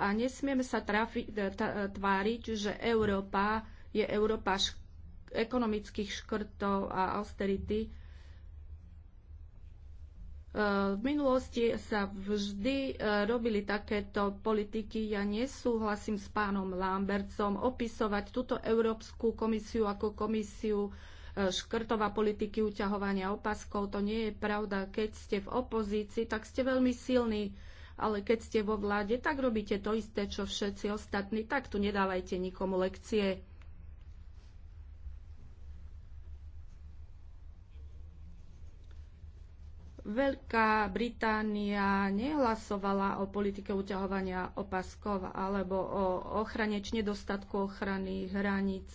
a nesmieme sa trafi- e, e, tváriť, že Európa je Európa šk- ekonomických škrtov a austerity. V minulosti sa vždy robili takéto politiky. Ja nesúhlasím s pánom Lambercom opisovať túto Európsku komisiu ako komisiu škrtová politiky uťahovania opaskov. To nie je pravda. Keď ste v opozícii, tak ste veľmi silní, ale keď ste vo vláde, tak robíte to isté, čo všetci ostatní. Tak tu nedávajte nikomu lekcie. Veľká Británia nehlasovala o politike uťahovania opaskov alebo o ochrane či nedostatku ochrany hraníc.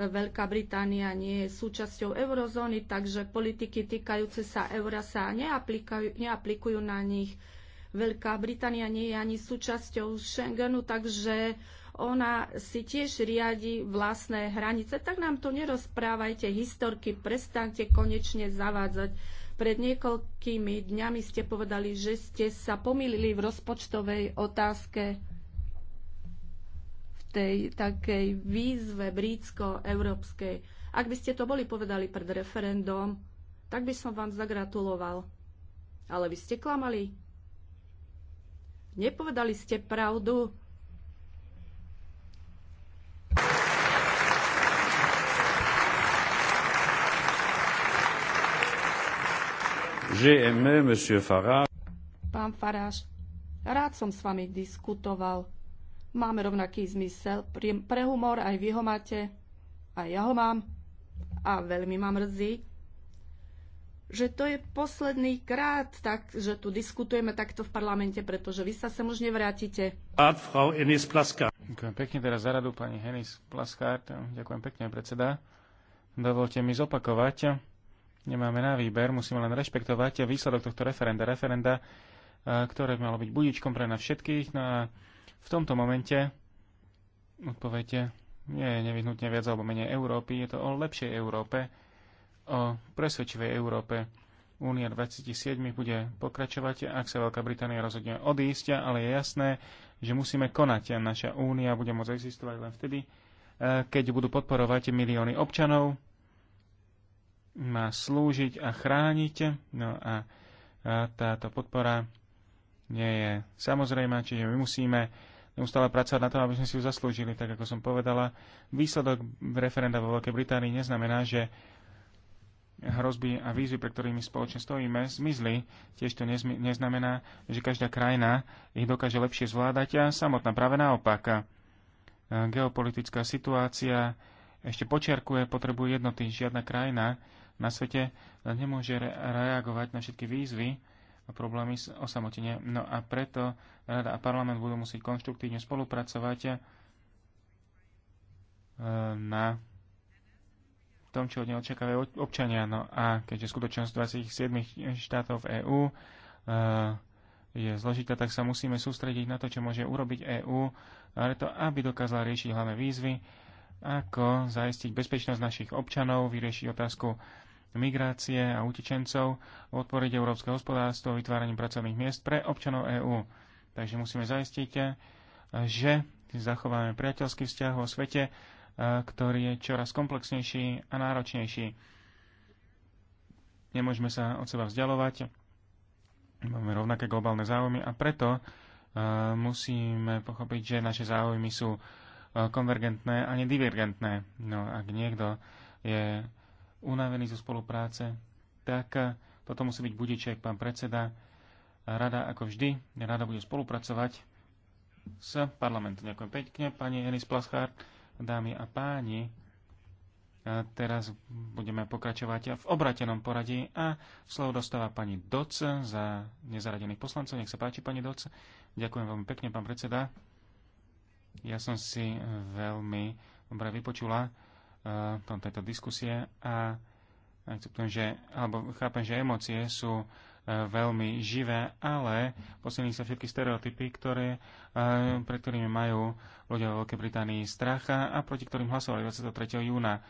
Veľká Británia nie je súčasťou eurozóny, takže politiky týkajúce sa eura sa neaplikujú, neaplikujú na nich. Veľká Británia nie je ani súčasťou Schengenu, takže ona si tiež riadi vlastné hranice. Tak nám to nerozprávajte, historky, prestante konečne zavádzať. Pred niekoľkými dňami ste povedali, že ste sa pomýlili v rozpočtovej otázke tej takej výzve britsko-európskej. Ak by ste to boli povedali pred referendum, tak by som vám zagratuloval. Ale vy ste klamali. Nepovedali ste pravdu. Pán Faráš, rád som s vami diskutoval Máme rovnaký zmysel pre humor, aj vy ho máte, aj ja ho mám. A veľmi ma mrzí, že to je posledný krát, tak, že tu diskutujeme takto v parlamente, pretože vy sa sem už nevrátite. Ďakujem pekne teraz za radu pani Henis Plaskart. Ďakujem pekne, predseda. Dovolte mi zopakovať. Nemáme na výber, musíme len rešpektovať výsledok tohto referenda. Referenda, eh, ktoré malo byť budičkom pre nás všetkých. No a v tomto momente odpoviete, nie je nevyhnutne viac alebo menej Európy, je to o lepšej Európe, o presvedčivej Európe. Únia 27 bude pokračovať, ak sa Veľká Británia rozhodne odísť, ale je jasné, že musíme konať. Naša únia bude môcť existovať len vtedy, eh, keď budú podporovať milióny občanov, má slúžiť a chrániť. No a táto podpora nie je samozrejme, čiže my musíme neustále pracovať na tom, aby sme si ju zaslúžili. Tak ako som povedala, výsledok referenda vo Veľkej Británii neznamená, že hrozby a výzvy, pre ktorými spoločne stojíme, zmizli. Tiež to neznamená, že každá krajina ich dokáže lepšie zvládať a samotná práve naopak. Geopolitická situácia ešte počiarkuje potrebu jednoty. Žiadna krajina na svete nemôže reagovať na všetky výzvy, problémy s osamotenia. No a preto Rada a parlament budú musieť konštruktívne spolupracovať eh, na tom, čo od neho očakávajú občania. No a keďže skutočnosť 27 štátov EÚ eh, je zložitá, tak sa musíme sústrediť na to, čo môže urobiť EÚ, ale to, aby dokázala riešiť hlavné výzvy, ako zaistiť bezpečnosť našich občanov, vyriešiť otázku migrácie a utečencov, podporiť európske hospodárstvo vytváraním pracovných miest pre občanov EÚ. Takže musíme zaistiť, eh, že zachováme priateľský vzťah vo svete, eh, ktorý je čoraz komplexnejší a náročnejší. Nemôžeme sa od seba vzdialovať, máme rovnaké globálne záujmy a preto eh, musíme pochopiť, že naše záujmy sú konvergentné a nedivergentné. No ak niekto je Unavený zo spolupráce, tak toto musí byť budiček, pán predseda. Rada, ako vždy, rada bude spolupracovať s parlamentom. Ďakujem pekne, pani Enis Plaschár, dámy a páni. A teraz budeme pokračovať v obratenom poradí a slovo dostáva pani Doc za nezaradených poslancov. Nech sa páči, pani Doc. Ďakujem veľmi pekne, pán predseda. Ja som si veľmi dobre vypočula E, tom, tejto diskusie a akceptujem, že, alebo chápem, že emócie sú e, veľmi živé, ale posilní sa všetky stereotypy, ktoré, e, pre ktorými majú ľudia vo Veľkej Británii stracha a proti ktorým hlasovali 23. júna.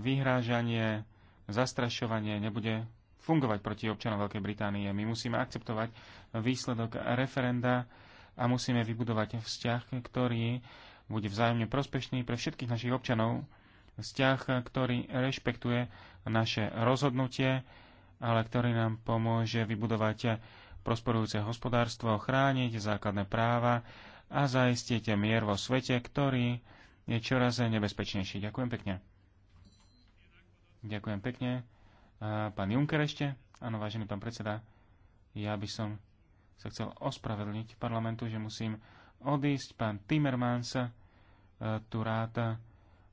Vyhrážanie, zastrašovanie nebude fungovať proti občanom Veľkej Británie. My musíme akceptovať výsledok referenda a musíme vybudovať vzťah, ktorý bude vzájomne prospešný pre všetkých našich občanov, vzťah, ktorý rešpektuje naše rozhodnutie, ale ktorý nám pomôže vybudovať prosperujúce hospodárstvo, chrániť základné práva a zaistiť mier vo svete, ktorý je čoraz nebezpečnejší. Ďakujem pekne. Ďakujem pekne. A pán Juncker ešte? Áno, vážený pán predseda, ja by som sa chcel ospravedlniť parlamentu, že musím odísť, pán Timmermans e, tu rád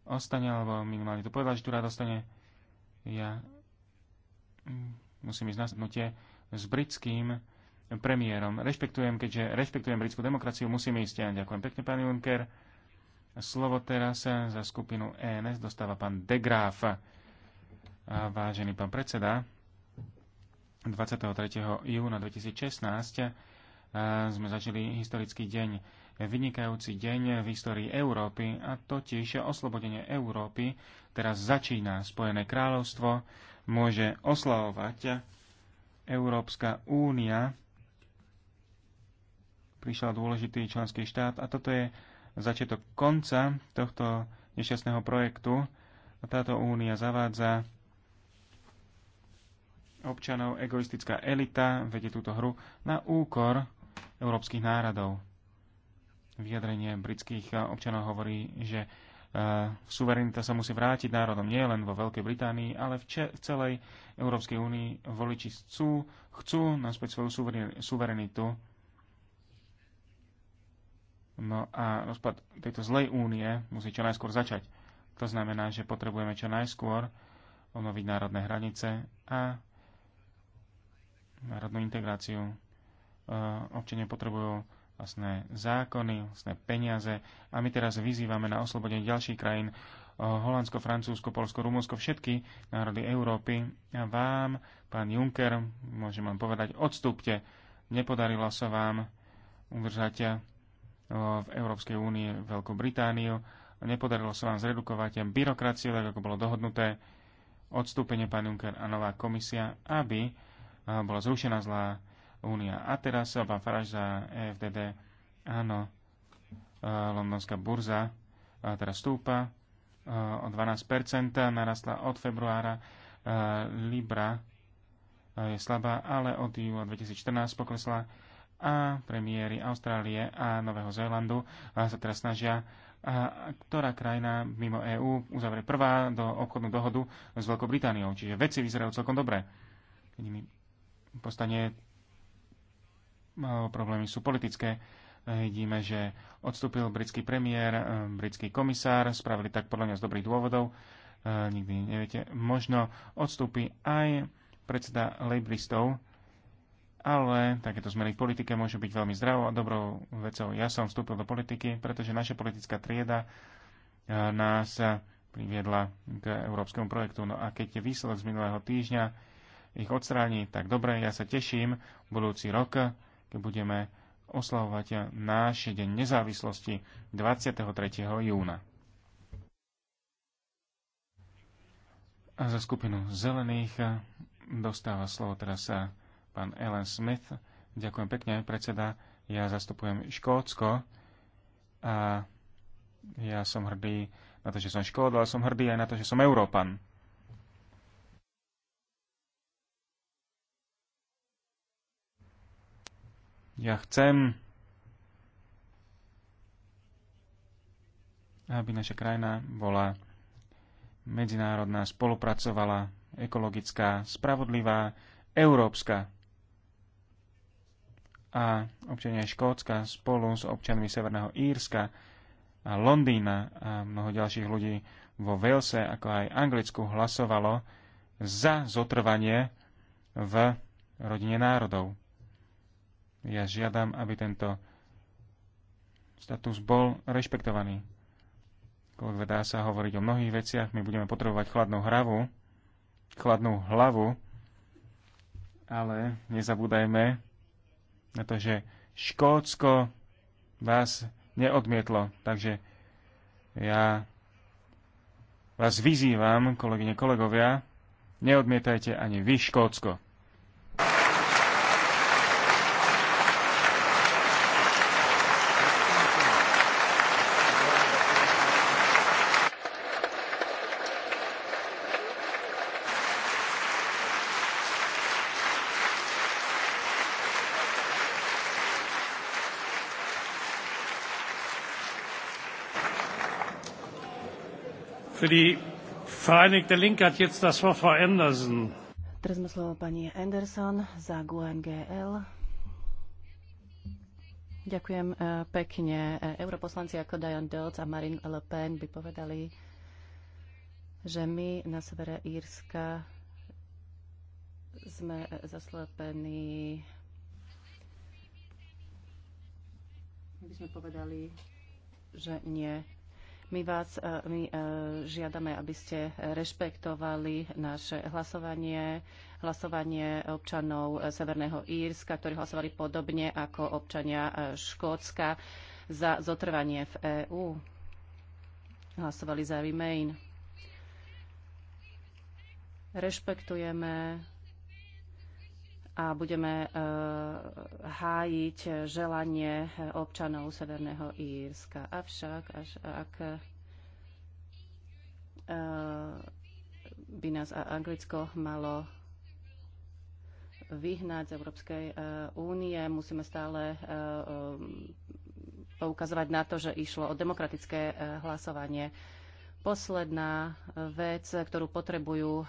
ostane, alebo minimálne to povedal, že tu rád ostane. Ja mm, musím ísť na stretnutie s britským premiérom. Rešpektujem, keďže rešpektujem britskú demokraciu, musím ísť. Ja ďakujem pekne, pán Juncker. Slovo teraz za skupinu ENS dostáva pán De Graaf. A vážený pán predseda, 23. júna 2016 sme zažili historický deň, vynikajúci deň v histórii Európy a totiž oslobodenie Európy teraz začína. Spojené kráľovstvo môže oslavovať Európska únia prišiel dôležitý členský štát a toto je začiatok konca tohto nešťastného projektu. Táto únia zavádza občanov egoistická elita, vedie túto hru na úkor európskych národov. Vyjadrenie britských eh, občanov hovorí, že eh, suverenita sa musí vrátiť národom nie len vo Veľkej Británii, ale v, v celej Európskej únii voliči chcú, chcú naspäť svoju suverenitu. No a rozpad tejto zlej únie musí čo najskôr začať. To znamená, že potrebujeme čo najskôr obnoviť národné hranice a národnú integráciu občania potrebujú vlastné zákony, vlastné peniaze a my teraz vyzývame na oslobodenie ďalších krajín Holandsko, Francúzsko, Polsko, Rumunsko, všetky národy Európy. A vám, pán Juncker, môžem vám povedať, odstúpte. Nepodarilo sa vám udržať v Európskej únie Veľkú Britániu. Nepodarilo sa vám zredukovať byrokraciu, tak ako bolo dohodnuté. Odstúpenie pán Juncker a nová komisia, aby bola zrušená zlá únia. A teraz pán Faraž za EFDD. Áno, e, londonská burza e, teraz stúpa e, o 12%, narastla od februára. Libra je slabá, ale od júla 2014 poklesla a premiéry Austrálie a Nového Zélandu sa teraz snažia a ktorá krajina mimo EÚ uzavrie prvá do obchodnú dohodu s Veľkou Britániou. Čiže veci vyzerajú celkom dobre. Postane E, problémy sú politické. E, vidíme, že odstúpil britský premiér, e, britský komisár, spravili tak podľa mňa z dobrých dôvodov. Nikdy neviete. Možno odstúpi aj predseda Labouristov, ale takéto zmeny v politike môžu byť veľmi zdravou a dobrou vecou. Ja som vstúpil do politiky, pretože naša politická trieda nás priviedla k európskemu projektu. No a keď je výsledok z minulého týždňa ich odstráni, tak dobre, ja sa teším. Budúci rok keď budeme oslavovať náš deň nezávislosti 23. júna. A za skupinu zelených dostáva slovo teraz sa pán Ellen Smith. Ďakujem pekne, predseda. Ja zastupujem Škótsko a ja som hrdý na to, že som Škód, ale som hrdý aj na to, že som Európan. Ja chcem, aby naša krajina bola medzinárodná, spolupracovala, ekologická, spravodlivá, európska. A občania Škótska spolu s občanmi Severného Írska a Londýna a mnoho ďalších ľudí vo Walese, ako aj Anglicku, hlasovalo za zotrvanie v rodine národov. Ja žiadam, aby tento status bol rešpektovaný. Koľko dá sa hovoriť o mnohých veciach, my budeme potrebovať chladnú hravu, chladnú hlavu, ale nezabúdajme na to, že Škótsko vás neodmietlo. Takže ja vás vyzývam, kolegyne, kolegovia, neodmietajte ani vy Škótsko. Für die Vereinigte Linke hat jetzt das Wort Frau Anderson. Teraz má slovo pani Anderson za GUNGL. Ďakujem eh, pekne. Eh, europoslanci ako Diane Dodds a Marine Le Pen by povedali, že my na severe Írska sme eh, zaslepení by sme povedali, že nie my vás e, my e, žiadame, aby ste rešpektovali naše hlasovanie, hlasovanie občanov e, Severného Írska, ktorí hlasovali podobne ako občania Škótska za zotrvanie v EÚ. Hlasovali za Remain. Rešpektujeme a budeme e, hájiť želanie občanov Severného Írska. Avšak, až ak e, by nás Anglicko malo vyhnať z Európskej e, únie, musíme stále poukazovať na to, že išlo o demokratické hlasovanie. Posledná vec, ktorú potrebujú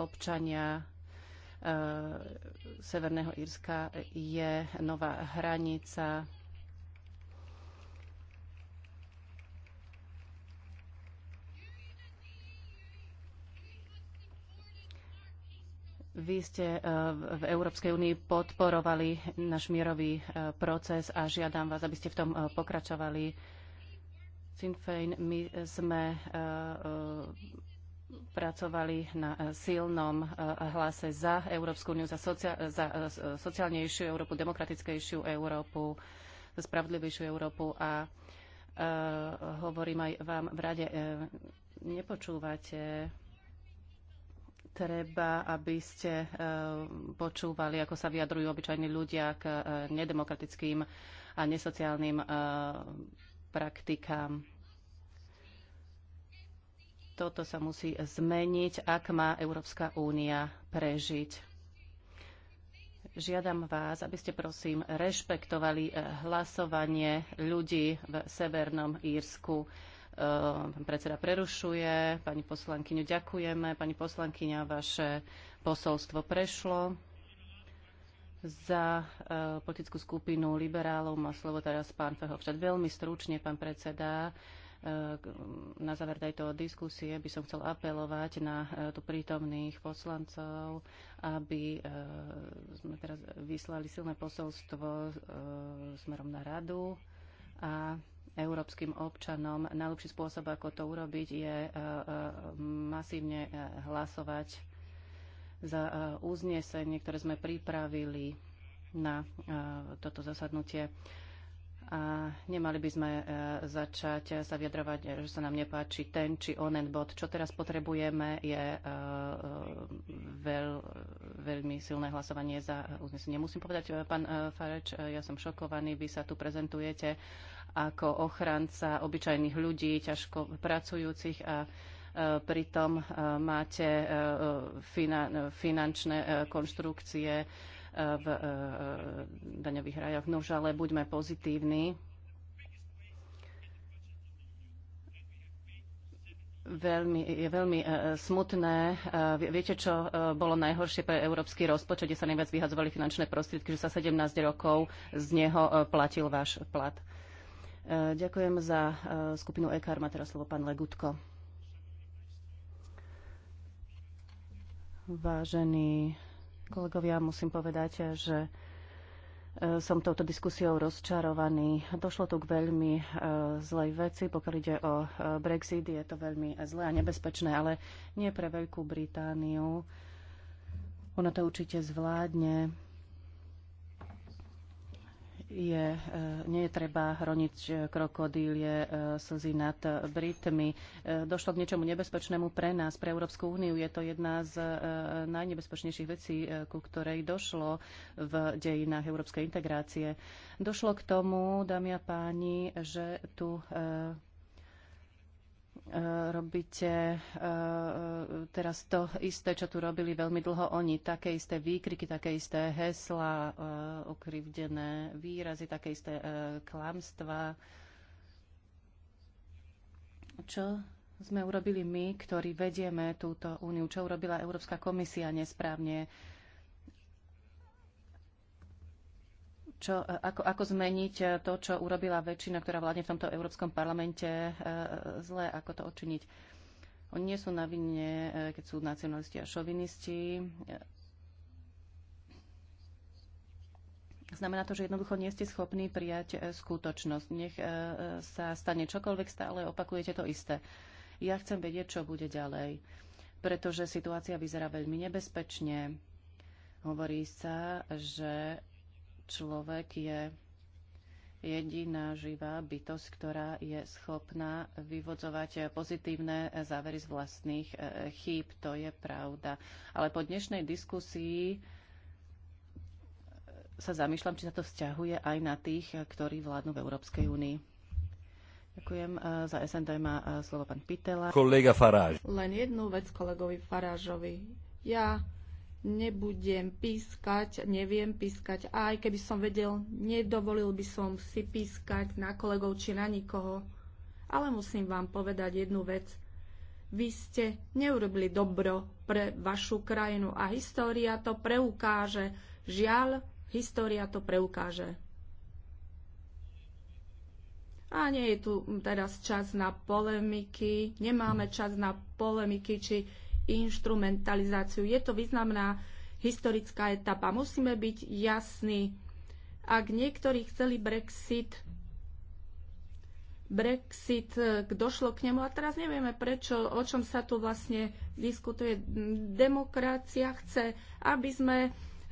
občania Eh, Severného Írska je nová hranica Vy ste eh, v Európskej únii podporovali náš mierový eh, proces a žiadam vás, aby ste v tom pokračovali. Sinn Féin, my sme pracovali na eh, silnom eh, hlase za Európsku úniu, za, socia- za eh, sociálnejšiu Európu, demokratickejšiu Európu, spravodlivejšiu Európu a uh, hovorím aj vám v rade, uh, nepočúvate treba, aby ste uh, počúvali, ako sa vyjadrujú obyčajní ľudia k uh, nedemokratickým a nesociálnym uh, praktikám. Toto sa musí zmeniť, ak má Európska únia prežiť. Žiadam vás, aby ste prosím rešpektovali eh, hlasovanie ľudí v Severnom Írsku. Eh, pán predseda prerušuje, pani poslankyňu ďakujeme, pani poslankyňa, vaše posolstvo prešlo. Za eh, politickú skupinu liberálov má slovo teraz pán Fehovčat. Veľmi stručne, pán predseda, na záver tejto diskusie by som chcel apelovať na e, tu prítomných poslancov, aby e, sme teraz vyslali silné posolstvo e, smerom na radu a európskym občanom. Najlepší spôsob, ako to urobiť, je masívne hlasovať za uznesenie, ktoré sme pripravili na toto zasadnutie a nemali by sme e, začať sa vyjadrovať, že sa nám nepáči ten či onen bod. Čo teraz potrebujeme je e, e, veľ, veľmi silné hlasovanie za uznesenie. Musím povedať, pán Fareč, ja som šokovaný, vy sa tu prezentujete ako ochranca obyčajných ľudí, ťažko pracujúcich a pritom máte finančné konštrukcie, v e, e, daňových rajoch. No ale buďme pozitívni. Veľmi, je veľmi uh, smutné. Uh, viete, čo uh, bolo najhoršie pre európsky rozpočet, kde sa najviac vyhadzovali finančné prostriedky, že sa 17 rokov z neho uh, platil váš plat. Uh, ďakujem za uh, skupinu EKR. Má teraz slovo pán Legutko. Vážení Kolegovia, musím povedať, že e, som touto diskusiou rozčarovaný. Došlo tu k veľmi e, zlej veci. Pokiaľ ide o e, Brexit, je to veľmi zlé a nebezpečné, ale nie pre Veľkú Britániu. Ona to určite zvládne je, e, nie je treba hroniť krokodílie slzy nad Britmi. E, došlo k niečomu nebezpečnému pre nás, pre Európsku úniu. Je to jedna z e, najnebezpečnejších vecí, ku ktorej došlo v dejinách európskej integrácie. Došlo k tomu, dámy a páni, že tu E, robíte e, e, teraz to isté, čo tu robili veľmi dlho oni. Také isté výkriky, také isté hesla, ukrivdené výrazy, také isté klamstva. Čo sme urobili my, ktorí vedieme túto úniu? Čo urobila Európska komisia nesprávne? čo, ako, ako zmeniť eh, to, čo urobila väčšina, ktorá vládne v tomto Európskom parlamente eh, zle, ako to odčiniť. Oni nie sú na vine, eh, keď sú nacionalisti a šovinisti. Znamená to, že jednoducho nie ste schopní prijať skutočnosť. Nech sa stane čokoľvek, stále opakujete to isté. Ja chcem vedieť, čo bude ďalej, pretože situácia vyzerá veľmi nebezpečne. Hovorí sa, že človek je jediná živá bytosť, ktorá je schopná vyvodzovať pozitívne závery z vlastných e, chýb. To je pravda. Ale po dnešnej diskusii e, sa zamýšľam, či sa to vzťahuje aj na tých, ktorí vládnu v Európskej únii. Ďakujem. E, za SND má slovo pán Pitela. Kolega Faráž. Len jednu vec kolegovi Farážovi. Ja nebudem pískať, neviem pískať. A aj keby som vedel, nedovolil by som si pískať na kolegov či na nikoho. Ale musím vám povedať jednu vec. Vy ste neurobili dobro pre vašu krajinu a história to preukáže. Žiaľ, história to preukáže. A nie je tu teraz čas na polemiky, nemáme čas na polemiky, či inštrumentalizáciu. Je to významná historická etapa. Musíme byť jasní. Ak niektorí chceli Brexit, Brexit, eh, došlo k nemu a teraz nevieme prečo, o čom sa tu vlastne diskutuje. Demokracia chce, aby sme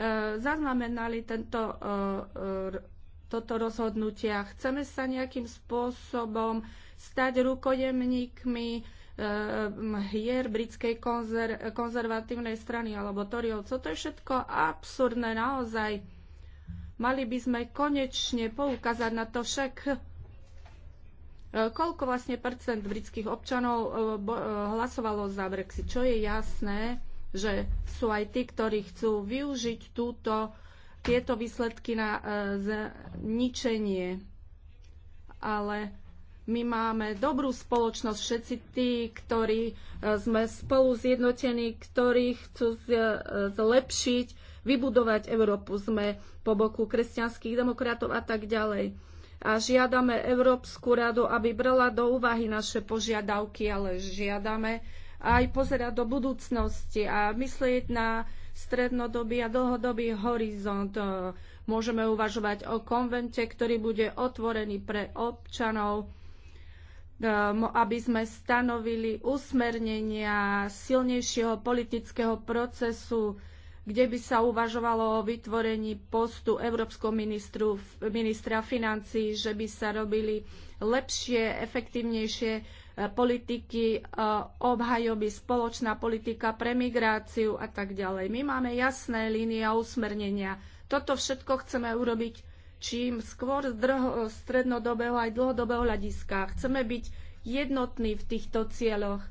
e, zaznamenali tento, e, e, toto rozhodnutia. Chceme sa nejakým spôsobom stať rukojemníkmi Ehm, hier britskej konzer- konzervatívnej strany alebo Toriovcov. To je všetko absurdné naozaj. Mali by sme konečne poukázať na to však, eh, koľko vlastne percent britských občanov eh, eh, hlasovalo za Brexit. Čo je jasné, že sú aj tí, ktorí chcú využiť túto, tieto výsledky na zničenie. Ale my máme dobrú spoločnosť, všetci tí, ktorí e, sme spolu zjednotení, ktorí chcú e, zlepšiť, vybudovať Európu. Sme po boku kresťanských demokratov a tak ďalej. A žiadame Európsku radu, aby brala do úvahy naše požiadavky, ale žiadame aj pozerať do budúcnosti a myslieť na strednodobý a dlhodobý horizont. E, môžeme uvažovať o konvente, ktorý bude otvorený pre občanov, Ehm, aby sme stanovili usmernenia silnejšieho politického procesu, kde by sa uvažovalo o vytvorení postu Európskeho ministru, ministra financí, že by sa robili lepšie, efektívnejšie e, politiky e, obhajoby, spoločná politika pre migráciu a tak ďalej. My máme jasné línie a usmernenia. Toto všetko chceme urobiť čím skôr z strednodobého aj dlhodobého hľadiska. Chceme byť jednotní v týchto cieľoch.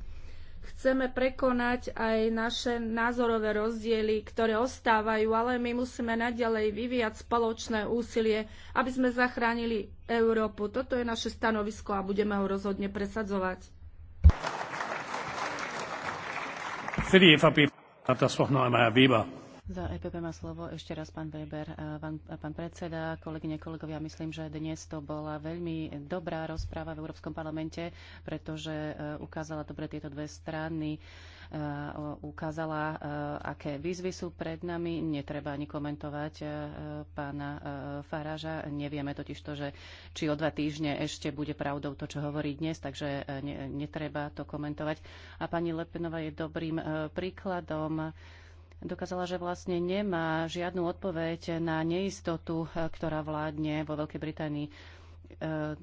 Chceme prekonať aj naše názorové rozdiely, ktoré ostávajú, ale my musíme naďalej vyvíjať spoločné úsilie, aby sme zachránili Európu. Toto je naše stanovisko a budeme ho rozhodne presadzovať. Für die EVP hat das Wort noch einmal Herr Weber. Za EPP má slovo ešte raz pán Weber, pán, pán predseda, kolegyne, kolegovia. Myslím, že dnes to bola veľmi dobrá rozpráva v Európskom parlamente, pretože e, ukázala dobre tieto dve strany, e, ukázala, e, aké výzvy sú pred nami. Netreba ani komentovať pána Faraža. Nevieme totiž to, že či o dva týždne ešte bude pravdou to, čo hovorí dnes, takže netreba to komentovať. A pani Lepenová je dobrým príkladom dokázala, že vlastne nemá žiadnu odpoveď na neistotu, ktorá vládne vo Veľkej Británii. Eh,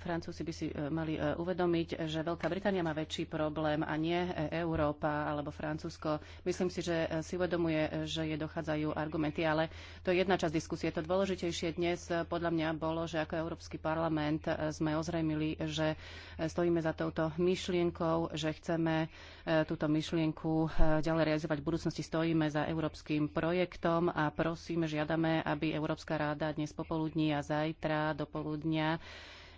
Francúzi by si eh, mali eh, uvedomiť, že Veľká Británia má väčší problém a nie Európa alebo Francúzsko. Myslím si, že si uvedomuje, že je dochádzajú argumenty, ale to je jedna časť diskusie. To dôležitejšie dnes podľa mňa bolo, že ako Európsky parlament sme ozrejmili, že stojíme za touto myšlienkou, že chceme túto myšlienku ďalej realizovať v budúcnosti. Stojíme za európskym projektom a prosíme, žiadame, aby Európska ráda dnes popoludní a zajtra do poludnia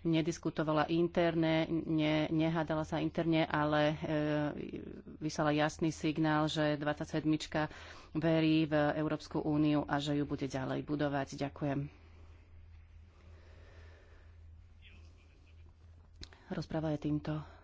nediskutovala interne, ne, nehádala sa interne, ale e, vyslala jasný signál, že 27. verí v Európsku úniu a že ju bude ďalej budovať. Ďakujem. Rozpráva je týmto